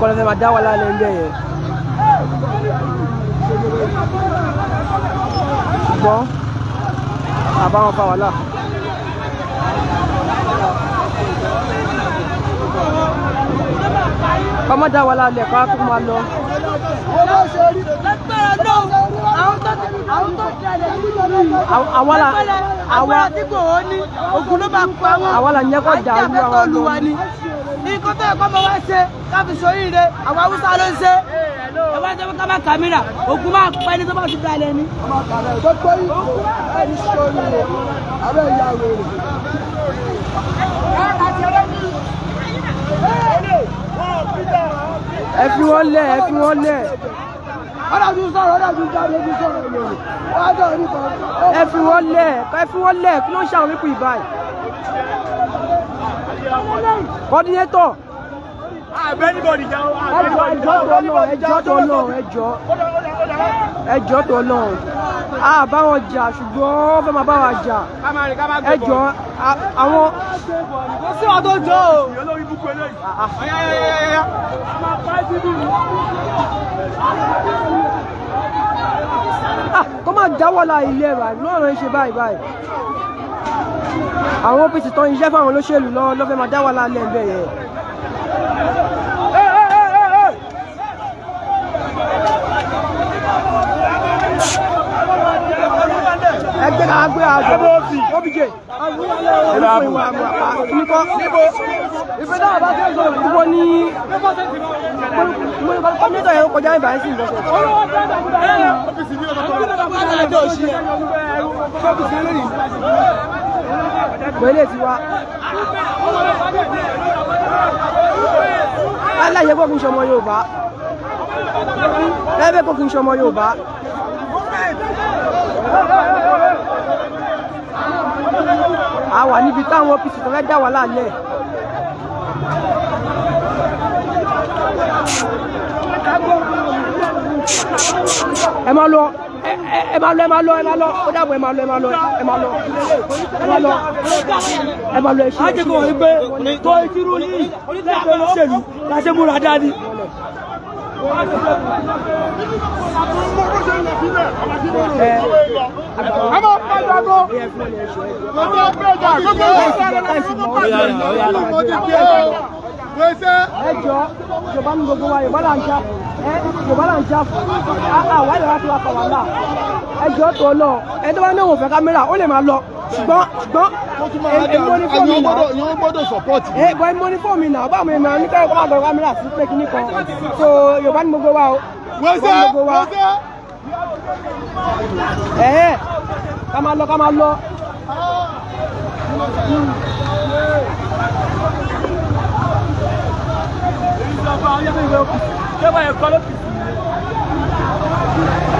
kọ́ lọ́sẹ̀ máa dá wà lálẹ́ ilé yẹn. a àbáwọn fa wàhálà. kọ́mọ́ dá wà lálẹ́ kọ́ á tún máa lọ. lọ́gbẹ̀rẹ̀ náà àwọn tó àwọn tó tẹ̀lé àwọn la àwọn àdìgbò wọn ni ogun ló máa pa wọn àjàmẹ́tọ́ lu wa ni yẹ kọ́ mọ wá ṣe káfi sórí rẹ àwọn haúsá ló ń ṣe ẹwà tó ká bá kàmírà òkun máa pẹ́ ní tó bá ti da ilẹ̀ ni. gbogbo yìí ẹni sórí rẹ abẹ́ ìyá wèrè. ẹ fi wọ́n lẹ̀ ẹ fi wọ́n lẹ̀. ọ̀dàjú sọ̀rọ̀ ọ̀dàjú jáde ojú sọ̀rọ̀ lòrì wájú orí kan. ẹ fi wọ́n lẹ̀ ẹ fi wọ́n lẹ̀ kí ló ń ṣàwọn pípọ̀ ìbáyìí. kọ́dínétọ̀ àbẹ́nibọ̀dì jà o ẹjọ́ tó lọ ẹjọ́ ẹjọ́ tó lọ a bá wọn jà ṣùgbọ́n wọ́n fẹ́ máa bá wa jà ẹjọ́ àwọn. kò sí wa tó jọ o. olórí ibùkún eléyìí. Ah, ah. ọ̀yá yá yá yá yá. a máa bá ẹ́ síbí mi kọ́ máa dáwọ́ la ilé ẹ̀ báyìí lọ́rọ̀ ń ṣe báyìí báyìí àwọn apc tán iṣẹ́ fáwọn olóṣèlú lọ́wọ́ lọ́fẹ́ máa dáwọ́ la ilé ẹ̀ bẹ́ẹ̀ yẹn. ẹgbẹ́ ká gbé àjọ obj awúrọ̀lẹ̀ orúkọ nípa níbo ìfẹ́ náà bá fẹ́ sọ ìdúgbò ní kọ́mítà yẹn kọjá ìbàyẹ̀ sí ìbọ̀sẹ̀. Gbẹ̀lẹ̀ ti wá. Aláyẹ̀ gbọ́ ṣọmọ Yorùbá. Láyẹ̀ gbọ́ kí ṣọmọ Yorùbá a wà níbi táwọn OPC tó fẹ́ dá wà lálẹ́. ẹ máa lọ ẹ máa lọ ẹ máa lọ ẹ máa lọ ó dàbọ̀ ẹ máa lọ ẹ máa lọ ẹ máa lọ ẹ máa lọ ẹ máa lọ ẹ ṣe. a jẹ́ kí wọ́n rí pé tó ìtúrú ní ìṣèlú la ṣe múra dání a máa fẹ́ jago a máa fẹ́ jago gbogbo ìṣẹ̀lẹ̀ lọ́wọ́ mo ti kí ẹ o pèsè. ẹ jọ ìjọba ní gbogbo wa yorùbá là ń jà ẹ yorùbá là ń jà àwa yorùbá ti wà fọwọ́ náà ẹ jọ tó lọ ẹ tó bá ní òun fẹ́ kámẹ́rà ó lè máa lọ ṣùgbọ́n ṣùgbọ́n èmo ni fọ́ọ̀mù yìí náà ni wọ́n gbọ́dọ̀ support yìí. ẹ bọ èmo ni fọ́ọ̀mù yìí náà báwo ni màá ní káyọ̀ kọ́ àgọ́rọ̀ kámẹ́rà sí pé kíní so yorùbá ni gbogbo wa o. wọ́sẹ̀ wọ́sẹ̀. ẹ̀ẹ́ ká máa lọ ká máa lọ. Thank you.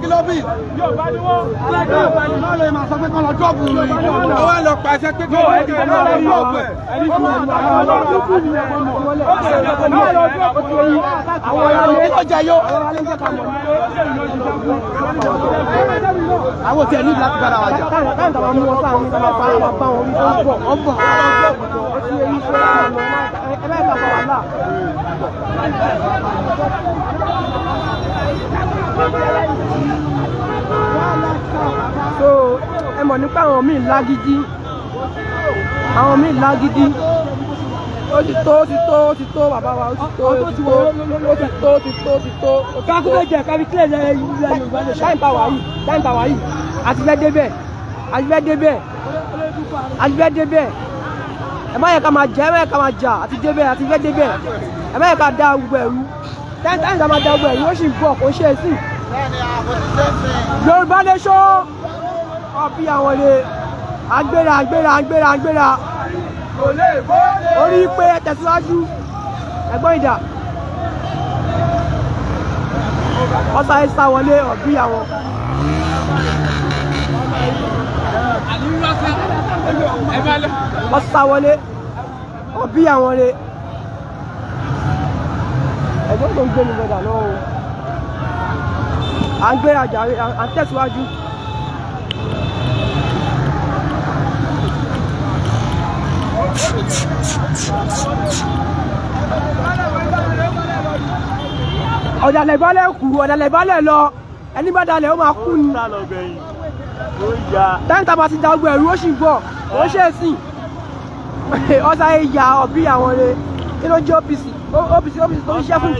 kí ló bì. Yorùbá ni wọ́n. alájọ Yorùbá ni wọ́n lè máa sọ pé kọ́ lọ jọ́ọ̀bù rẹ̀. ó wá lọ pàṣẹ pé kọ́ lọ jọ́ọ̀bù rẹ̀. ẹni tó máa ta àwọn ọlọ́run kù ní ẹ̀kọ́ mọ̀. ó sì ń yọkọ̀ náà lọ sí ọkọ̀ tó yí. àwọn ọ̀rọ̀ yìí lọ́jà yó. àwọn òtí ẹni láti bára wa jà. káyọ̀ tàbá mú wọn sáà ní sábà bá wọn bá wọn bọ̀ wọn bọ̀ ẹ bẹ́ẹ̀ tàbá wà náà so ẹ mọ̀ nípa àwọn míì lágídí àwọn míì lágídí ó ti tó ó ti tó ó ti tó bàbá wa ó ti tó ó ti tó ó ti tó ó ti tó ó ti tó. kákú méje kábí kílẹ̀ ní ilẹ̀ yorùbá lè ṣe. láì yìí láì bá yìí àti fẹ́ débẹ̀ àti fẹ́ débẹ̀ àti fẹ́ débẹ̀ ẹ má yẹ ká máa jẹ ẹ má yẹ ká máa jà àti débẹ̀ àti fẹ́ débẹ̀ ẹ má yẹ ká dá gbogbo ẹ̀rú ten times àmàdàgbọ̀ ẹ̀yìn ó sì bọ̀ kó ṣe sí. Yorùbá nation ọ̀bí àwọn ilé agbéra agbéra agbéra agbéra orí pé ẹ tẹ̀síwájú ẹ̀gbọ́n ìjà ọ̀sà ẹ̀ sá wọlé ọ̀bí àwọn. ọ̀sà wọlé ọ̀bí àwọn rẹ̀ ẹ̀gbọ́n tó ń gbé mi bọ̀dà náà o à ń gbéra jàre à ń tẹ̀síwájú. ọ̀dàlẹ̀ balẹ̀ kù ọ̀dàlẹ̀ balẹ̀ lọ ẹni bá dalẹ̀ ó máa kú ni tẹ́ńtà bá ti da ogun ẹ̀rú ó sì gbọ́ ó ṣèṣìn ọ̀sà ẹ̀yà ọ̀bí àwọn rẹ̀ kí ló jẹ́ OPC ọ́fíìsì ọ́fíìsì tó ń ṣiṣẹ́ fún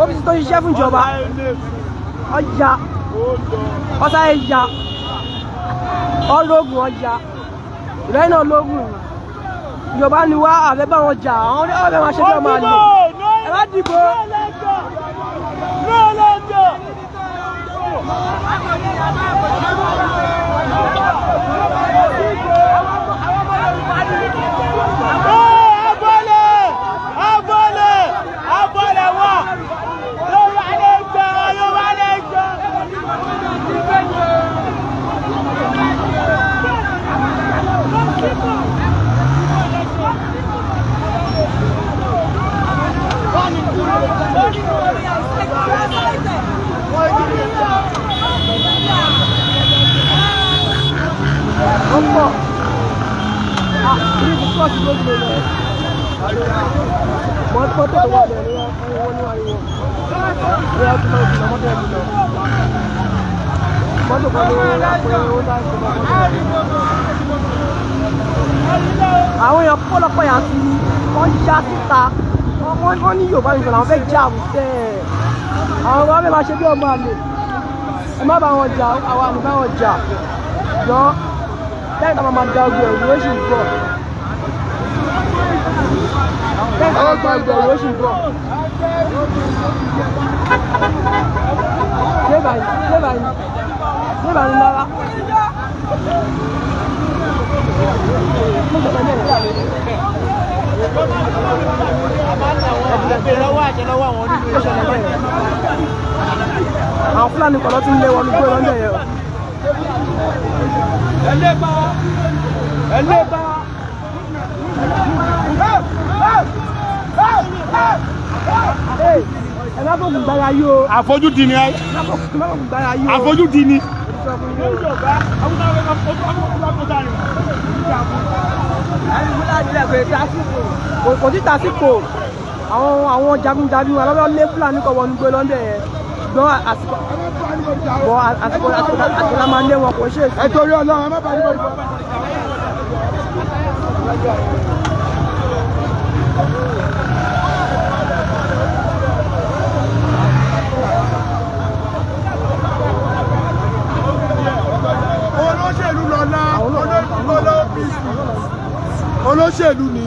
ọ́fíìsì tó ń ṣiṣẹ́ fún ìjọba ọjà ọ̀sá ẹ̀yà ọlọ́gùn ọjà ìrẹ́yìn náà ni wá àfẹ́ bá wọn jà àwọn ọ̀rẹ́ wọn ṣe bí ọmọ àlè ẹ má dìbò. No, no, no. Ọ̀pọ̀ Àwọn èèyàn pọ́lọpọ̀ yà wọ́n já síta wọ́n ní Yorùbá nìkan làwọn fẹ́ jà àwùjẹ́ àwọn ọmọ bẹ́ẹ̀ máa ṣe bí ọmọ àlè ẹ má bá wọn jà àwọn àmì bá wọn jà yọ lẹ́yìn táwọn máa da ogun ẹ̀rù lóṣù bọ̀ lẹ́yìn táwọn máa da ogun ẹ̀rù lóṣù bọ̀. Lébàá yìí, lébàá yìí, lébàá yìí lára. Mo sọ̀rọ̀ àwọn fúlàní kan ló ti ń lé wọnú gbé lọ́ndẹ̀ yẹn o. ẹlẹ́bà ẹlẹ́bà. ẹ má bọ̀ gbára yí o. àfojúdi ni ẹ. àfojúdi ni. kò sí tàsíkò àwọn àwọn jagunjagun alábẹ́ lé fúlàní kọ̀ wọnú gbé lọ́ndẹ̀ yẹn gbọ́ àsìkò bọ́ àsìkò àsìkò la máa lé wọn kò ṣe. ẹ torí olóṣèlú lọ́la olóṣèlú ni.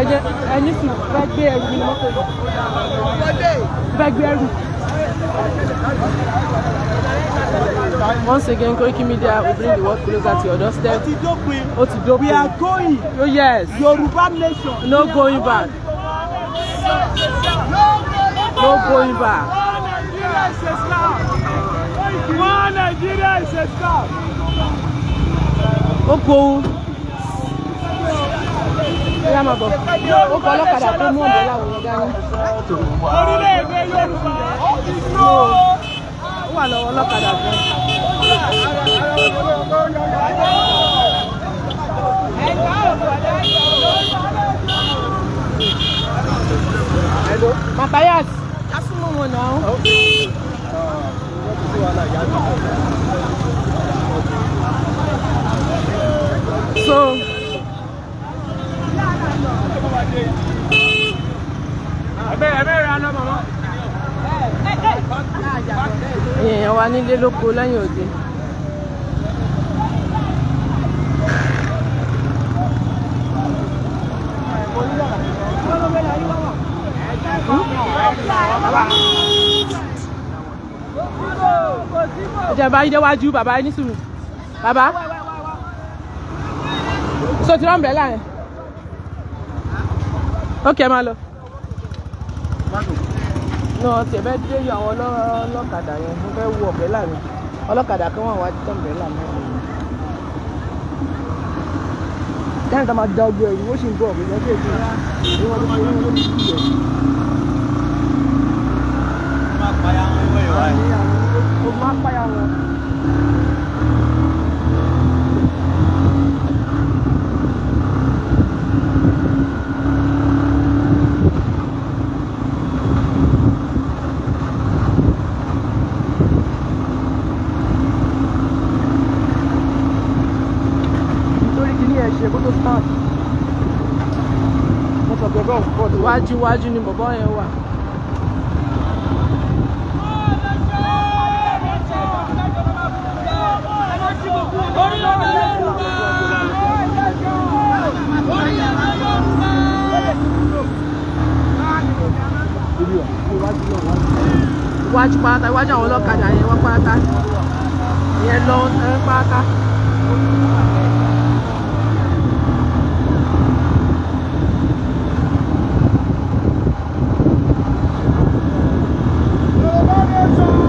ẹ jẹ́ ẹni sùn bá gbé ẹrù nínú mọ́tò bá gbé ẹrù. Once again, Koiki Media will bring the world closer to your doorstep. Ó ti We are going. Oh, yes. Yoruba nation. No going back. No going back. One Nigeria is a star. Nigeria is a star. Ó ìyá máa bọ̀ ó kọ́ ọlọ́kadà tó mú ọ̀dọ́ láwọn ọ̀gá ní. orílẹ̀-èdè Yorùbá ó ti dúró. ó wà lọ́wọ́ ọlọ́kadà fún Matthias, that's no one now. So. èèyàn wa nílé lóko lẹ́yìn òde. ìjọba yìí déwájú bàbá yìí ní sùúrù bàbá so ti rán bẹ́ẹ̀ láàrin ó kẹ́ máa lọ náà tiẹ̀ fẹ́ dé yọ àwọn ọlọ́kadà yẹn mo fẹ́ wo ọ̀bẹ́là mi ọlọ́kadà kan wà wá tán ọ̀bẹ́là mi. dáhùn tá a máa da ọgbẹ ẹrù ó sì ń bọ̀ ọ̀bẹ́là tó èso ní wọ́n ti fi wọ́n ti fi jẹ. ó máa payá wọn. iwájú iwájú ni bọ̀bọ́ yẹn wà. iwájú pátá iwájú àwọn ọlọ́kadà yẹn wọ́n pátá ìyẹn lọ pátá.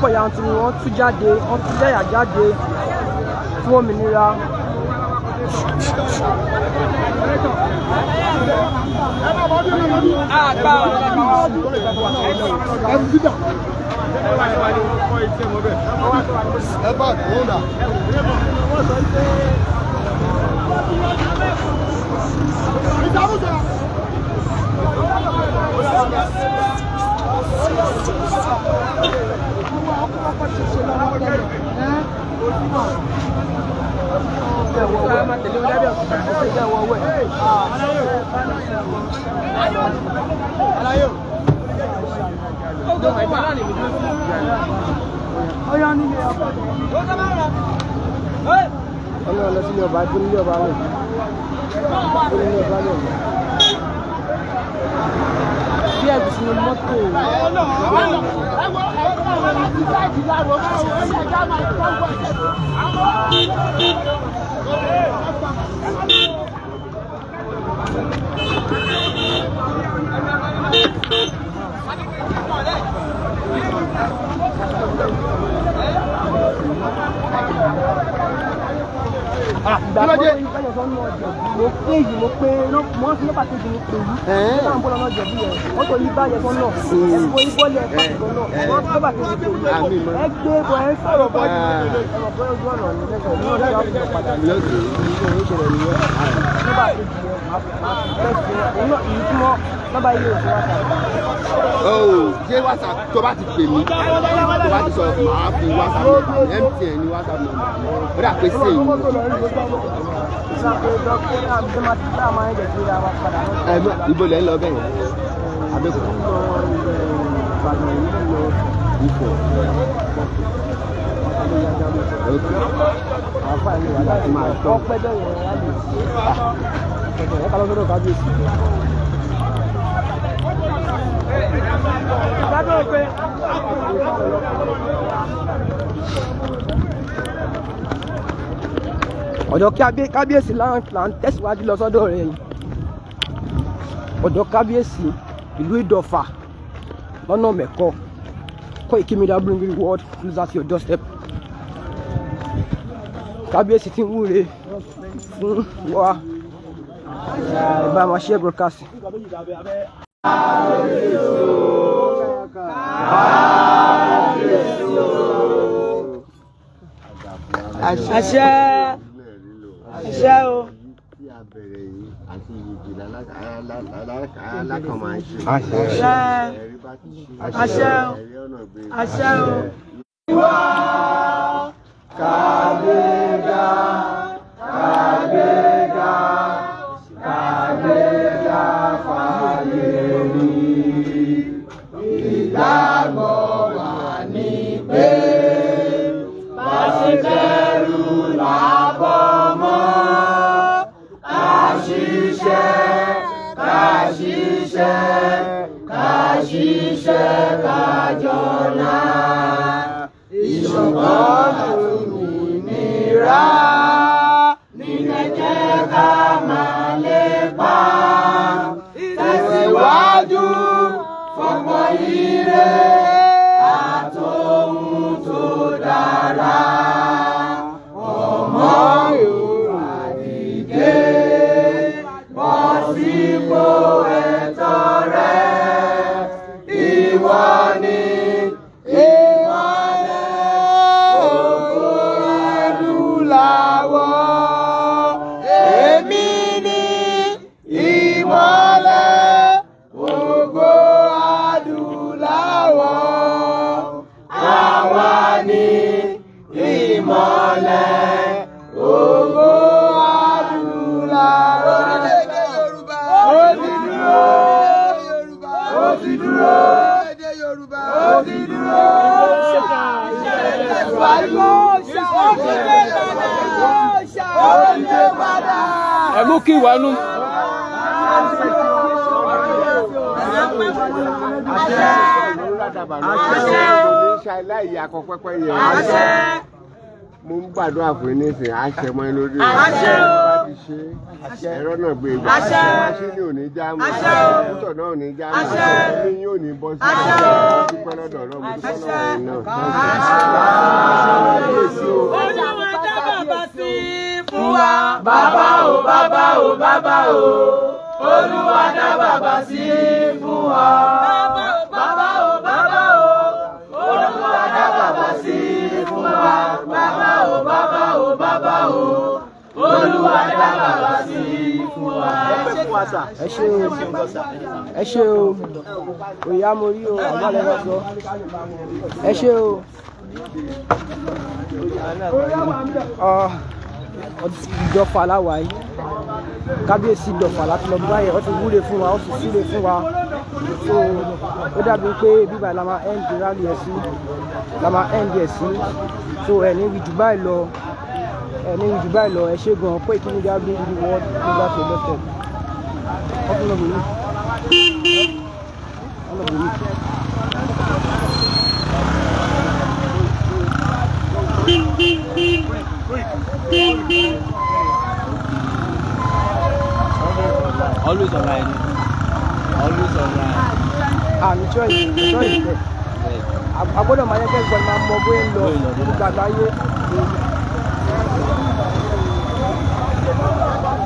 pọ̀ yanturu wọ́n tú jáde wọ́n tú yàyà jáde fún òmìnira. àgbà ẹ bá Thank you kọ́kọ́ ti ṣe lọ́wọ́ tẹ̀lé. Ṣé máa tẹ̀lé wọn ẹ̀? Aláyò. Ó gbogbo wà láàrin mi. ọba, gbé nílé ọba rẹ̀. Thank you. kílódé. mo pé èyí mo pé mo fi nípa kejì mi pè yí nígbà ń bọ́ lọ́nà jẹ̀bi yẹn wọ́n tó yí báyẹn tán náà ẹ̀ fọ yí bọ́ọ̀lù ẹ̀ pàṣẹ tán náà wọ́n fi nípa kejì mi pè yí ẹ gbé bọ̀ ẹ sọ̀rọ̀ bọ́ ẹ̀rọ̀ bọ́ ojú ọ̀nà ní lẹ́sẹ̀ ní ọ̀dọ́ ìyá òkè padà ooo jẹ́ whatsapp tó bá ti pè mí tó bá ti sọ màá fi whatsapp mi mtn ni whatsapp mi ó dà pé sèyí. ibo lẹ́ ń lọ bẹ́ẹ̀ abẹ́kọ̀ọ́ ifọ̀ ọpẹ́ dọ̀yẹ̀ rẹ̀ á lè ṣe ọ̀dọ̀ ẹ̀ ká lọ́dọ̀ kábíyèsí. ìgbádùn ọ̀pẹ. ọ̀dọ̀ kábíyèsí là ń tẹ̀síwájú lọ sọ́dọ̀ rẹ̀ yìí ọ̀dọ̀ kábíyèsí ìlú ìdọ̀fà lọ́nà mẹ́kọ́ Koiki Media bringing world closer to your doorstep kábíyèsí ti ń wúre fún wa ẹ bá wa share broadcast. àṣẹ àṣẹ o bẹ̀rẹ̀ yìí àti ìyèjì alákànmá ṣe. àṣẹ àṣẹ àṣẹ o. wá kàgbéga kàgbéga. Dharma. kí ìwánú. mo ń gbàdúrà fún yín nísìnyí àṣẹ mọ́ lórí rẹ̀ ẹ̀rọ náà gbé ìgbà àṣírí ò ní já mọ́ púpọ̀ náà ò ní já mọ́ ní yín ò ní bọ́ sí ọ̀rọ̀ dúpẹ́ lọ́dọ̀ ọ̀rọ̀ mo dúpẹ́ lọ́wọ́ yín náà olúwa bàbá o bàbá o bàbá o olúwa dá bàbá sí fún wa. bàbá o bàbá o olúwa dá bàbá sí fún wa. bàbá o bàbá o bàbá o olúwa dá bàbá sí fún wa. ẹ ṣe o ẹ ṣe o òyà mo rí o àmọ́ lẹ́nu sọ ẹ ṣe o. Oh. On doit yìí kábíyèsí ìdọ̀fà láti lọ bí doit wọ́n ti wúre fún wa wọ́n sì on fún wa so ó dàbí pé bíbá la máa end rally ẹ̀ sí la máa end ẹ̀ sí so ẹ̀ ní wí Dubai lọ ẹ̀ ní wí Dubai on ẹ̀ ṣe gan-an pé ìkíni Gabby in the world nígbà tó lọ́tọ̀ ọkùnrin ọ̀gbìn yìí. always online. Always online. Ah, mi tọ́ yìí, mi tọ́ yìí. Agbọ́dọ̀ máa yẹ kẹ́gbọ́n máa mọ bóyá ń lọ gbàgbáyé. ẹ̀gbọ́n ẹ ṣe gan àwọn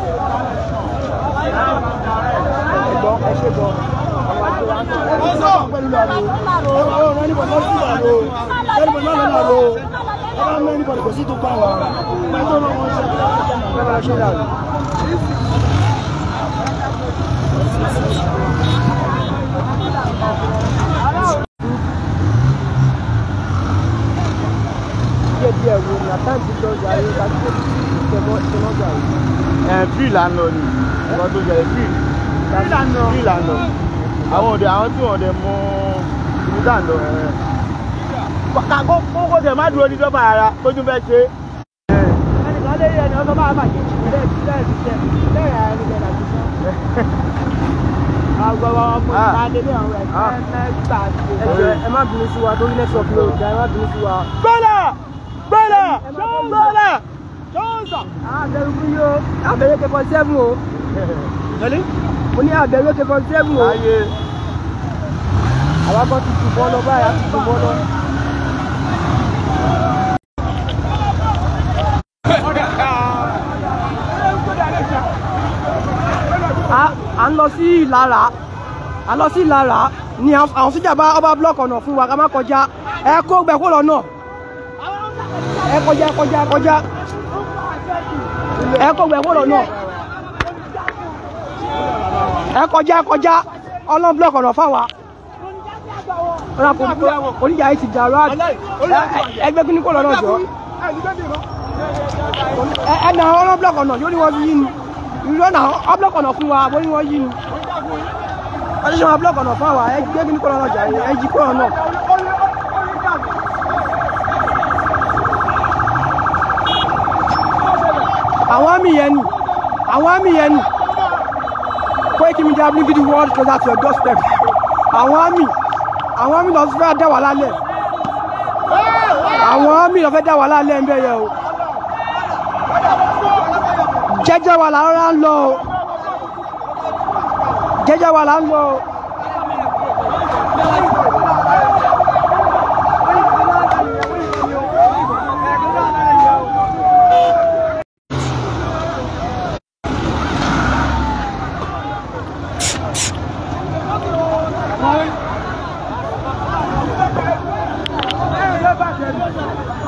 àjọ wa ń sọ pẹ̀lú ìlànà ẹ̀rọ ìlànà ló ẹ̀rọ ẹ̀rọ ìlànà ló ẹ̀rọ ẹ̀rọ ìlànà kò sí tó pa wà. pẹ̀lú ṣe é ṣe náà fíì lànà ni ọ̀rọ̀ tó jẹ́ fíì fíì lànà àwọn ọ̀dẹ̀ àwọn tí wọ́n ọ̀dẹ̀ mọ ibi tá à ń lọ. kàkó kókó tẹ̀ má dúró ní dọ́bà ara tó tún fẹ́ ṣe. ẹnìkan lé ẹni ọ̀sán máa bàjẹ́ lẹ́ẹ̀ẹ́dì lẹ́ẹ̀ẹ́dì lẹ́ẹ̀ẹ́dì lẹ́ẹ̀ẹ́dì lẹ́ẹ̀ẹ́dì lẹ́ẹ̀ẹ́dì lẹ́ẹ̀ẹ́dì lẹ́ẹ̀ẹ́dì ẹ má bínú sí wa mo ní àbẹ̀rù kẹfọ́ sẹ́fún o. àwọn kan ti tù bọ́ lọ báyà ti tù bọ́ lọ. lọ sí ìlara a lọ sí ìlara ni àwọn sójà bá ọba block ọ̀nà fún wa ká má kọjá ẹ kó gbẹ kó lọ́nà ẹ kọjá kọjá kọjá ẹ kó gbẹ kó lọ́nà ẹ kọjá kọjá ọlọ́n block ọ̀nà fáwa oníjà yìí ti dàrú ẹgbẹ́ kí ni kó lọ́nà jọ ẹ ẹ nà ọlọ́n block ọ̀nà yóò ní wọ́n fi yí ni lọ́nà ọ́blọ́kì ọ̀nà fún wa bóyá wọ́n yí ni wọ́n ti ṣe wọn ọ́blọ́kì ọ̀nà fún àwa ẹ jẹ́ kí ní kọ́nà ọjà ẹ jí kọ́nà náà. àwọn àmì yẹn ni àwọn àmì yẹn ni Koiki Media bring the world closer to your doorstep àwọn àmì àwọn àmì lọ dá wà lálẹ́ àwọn àmì lọ dá wà lálẹ́ ń bẹ̀ yẹ o jẹ́jẹ́ wa là ń lọ o jẹ́jẹ́ wa là ń lọ o.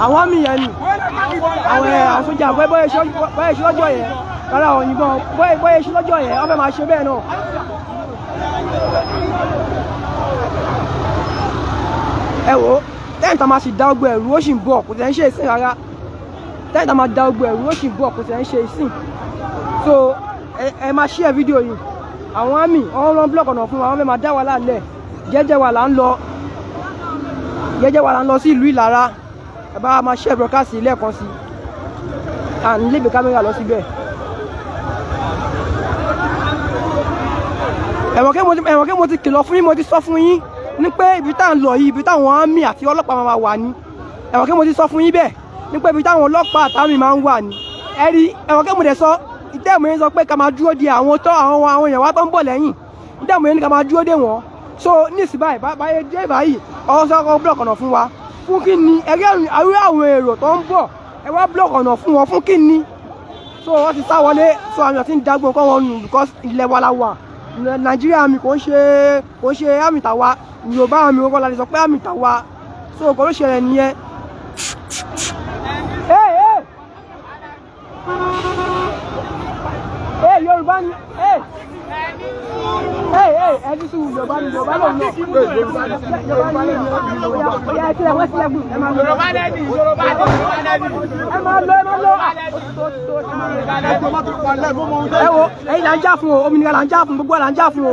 àwọn mi yẹn ni àwọn ẹ̀ àwọn fúnjà bẹ́ẹ̀ bọ́ẹ̀ ṣọ́jọ́ yẹn rárá o yìnbọn bóyá iṣu lọ́jọ́ yẹn wọ́n fẹ́ máa ṣe bẹ́ẹ̀ náà. ẹ wo tẹ́yìn tá a máa sì dá ọgbọ ẹ̀rú ó sì ń bọ̀ kò tẹ́ ń ṣe ìsìn rárá tẹ́yìn tá a máa dá ọgbọ ẹ̀rú ó sì ń bọ̀ kò tẹ́ ń ṣe ìsìn so ẹ máa ṣí ẹ fídíò yìí àwọn àmì ọ̀hún rán búlọ̀kì ọ̀nà fún wa wọ́n fẹ́ máa dá wa lálẹ́ jẹ́jẹ́ wa là ń lọ jẹ́jẹ́ wa là ń lọ sí ìlú Ìlara ẹ bá máa ṣí ẹ broadcast lẹ́ẹ̀kan sí à ń lébi kámẹ́rà lọ síbẹ̀. ẹ̀wọ̀n kí mo ti kìlọ̀ fún yín mo ti sọ fún yín ní pé ibi tá à ń lọ yìí ibi táwọn àmì àti ọlọ́pàá máa wà ní ẹ̀wọ̀n kí mo ti sọ fún yín bẹ́ẹ̀ ní pé ibi táwọn ọlọ́pàá àtàmì máa ń wà ní ẹ̀rí ẹ̀wọ̀n kí mo dẹ̀ sọ ìtẹ́ẹ̀mù yẹn sọ pé ká máa dúró de àwọn tó àwọn àwọn èèyàn wá tó ń bọ̀ lẹ́yìn ìtẹ́ẹ̀mù yẹn ní ká máa dúró nàìjíríà àmì kò ń ṣe kò ń ṣe àmì tàwa yorùbá àmì kò la lè sọ pé àmì tàwa so kò ló ṣẹlẹ̀ nìyẹn. yorùbá ni ẹni sùn yorùbá ni yorùbá lòun náà yorùbá ni yorùbá ni yorùbá ni ẹ tilẹ̀ wọ́n tilẹ̀ gùn ẹ máa lọ ẹ máa lọ ẹ máa lọ ẹ wo ẹ̀yin là ń jà fún o òmìnira là ń jà fún gbogbo là ń jà fún o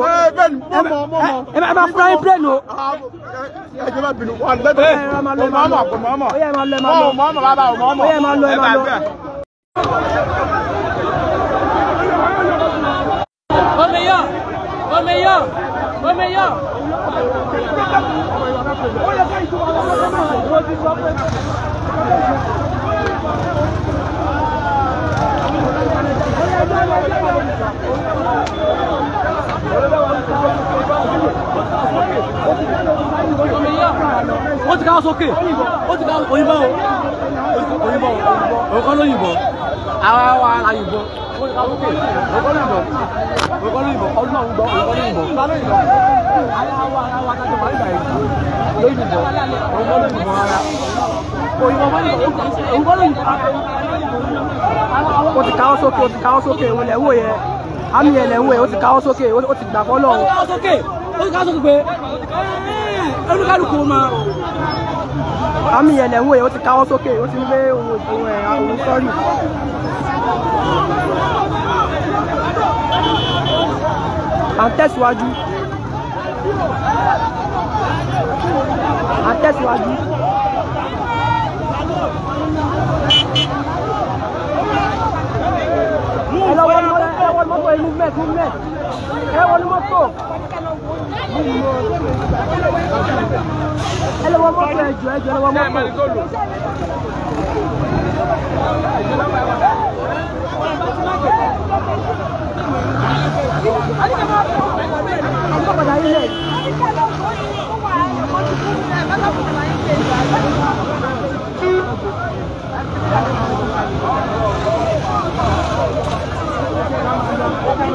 ẹ bá fúnra yín plane o. Ah, oh, omeyo omeyo ó ti ká sókè ó ti ká òyìnbó òyìnbó òkọ́ lóyìnbó àwa wa la yìnbó ó ti ká sókè òkọ́ lóyìnbó òkọ́ lóyìnbó ọdún àwọn gbọ́ òkọ́ lóyìnbó òkọ́ lóyìnbó àwa wa àwa kájọ parí ìgbà yìí lóyìnbó òkọ́ lóyìnbó ara òyìnbó òkọ́ lóyìnbó ó ti káwọ́ sókè ó ti káwọ́ sókè òun lẹ̀ wò yẹn àmì yẹn lẹ̀ wò yẹn ó ti káwọ́ sókè ó ti gbà fọ́lọ́ òun. ti káwọ́ sókè ó ti káwọ́ sókè pé olúkálùkù máa. àmì yẹn lẹ̀ wò yẹn ó ti káwọ́ sókè ó ti ń lé òun òun ẹ̀ òun sọ́rì. à ń tẹ̀síwájú à ń tẹ̀síwájú. wọ inú mẹ́t inú mẹ́t ẹ wọnú mọ́tò ẹ lọ wọ mọ́tò ẹjọ ẹjọ ẹ lọ wọ mọ́tò. Thank you.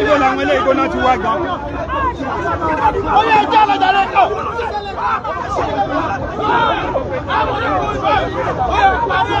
Ilé làwọn ilé ìgbóná ti wá gbà. Ó yẹ jẹ́ ọ̀nà jàre. Ó yẹ parí.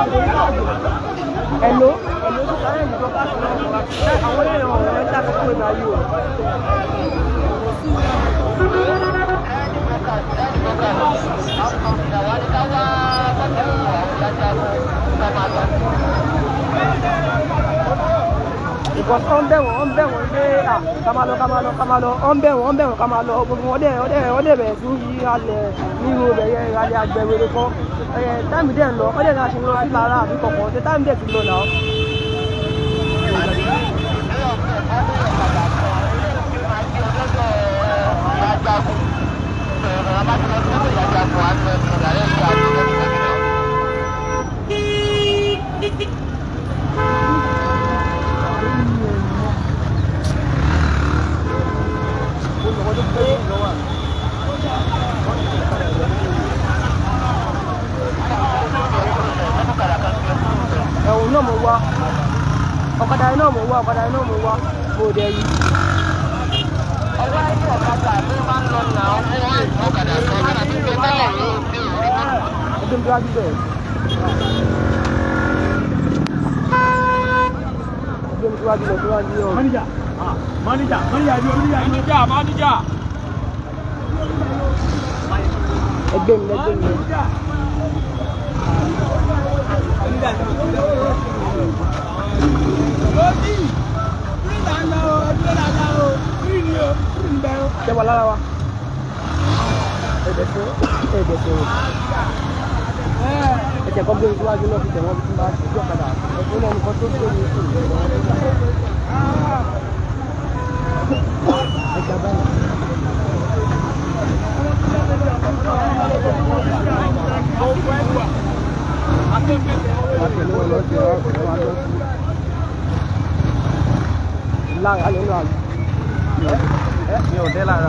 Hello? Àwọn èèyàn ọ̀rẹ́ dàbí pé náà yóò. Àwọn ìdàwárí ká wá bọ́tẹ̀ wọ̀ àwọn ìdájọ́ àwọn ìdájọ́ because ọ̀n bẹ̀ wọ́n ọ̀n bẹ̀ wọ́n pé à ká máa lọ ká máa lọ ká máa lọ ọ̀n bẹ̀ wọ́n ọ̀n bẹ̀ wọ́n ká máa lọ gbogbo ọdẹ ọdẹ ọdẹ bẹ̀rẹ̀ sí yí alẹ̀ níhu bẹ̀yẹ alẹ̀ agbẹ̀wèrè kan ẹ̀ táìmù dẹ̀ ń lọ ọdẹ náà ṣe ń lọ lára àbí kọ̀ọ̀kan ṣe táìmù dẹ̀ ti lọ Thank you. pé náà mo wá ọ̀kadà iná mo wá ọ̀kadà iná mo wá mo dẹ̀ yìí. ọwọ́ ayé ọ̀kadà tó bá ń lọ nà ọ́ fún ọ̀kadà kan lára tó gbé tẹ́lẹ̀ ní ìdí orí kan. ọdún bí wàá bí bẹ́ẹ̀. ọdún bí wàá bí bẹ́ẹ̀ tó wá bí ọ̀rọ̀. mọ́níjà mọ́níjà mọ́níjà mọ́níjà mọ́níjà. ẹgbẹ́ mi lẹ́gbẹ́ mi. ṣé wà lára wa ẹ̀dẹ̀ fún ẹ̀dẹ̀ fún ẹ̀tẹ̀ kọ́ gbé síwájú náà fi tẹ̀wọ́n bí bá ṣe gbọ́ padà ẹ̀fún náà nìkan tó gbé ní ìṣòro ẹ̀dẹ̀ báyìí lára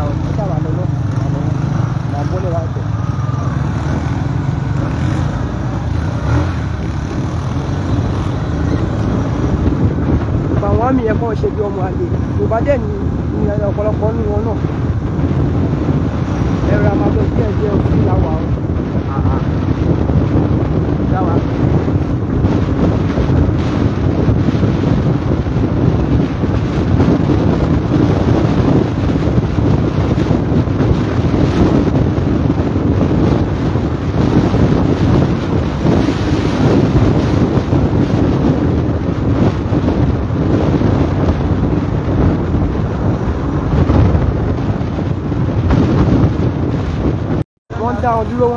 àwọn àmì ẹ̀kọ́ ṣe bí ọmọ àlè yorùbá dẹ̀ ní ọ̀pọ̀lọpọ̀ nínú wọn náà. 有让他们见谢互联王。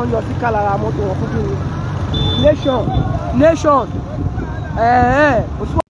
wọ́n yọ sí kálára mọ́tò wọn fún kí ni nation nation ẹ̀ẹ́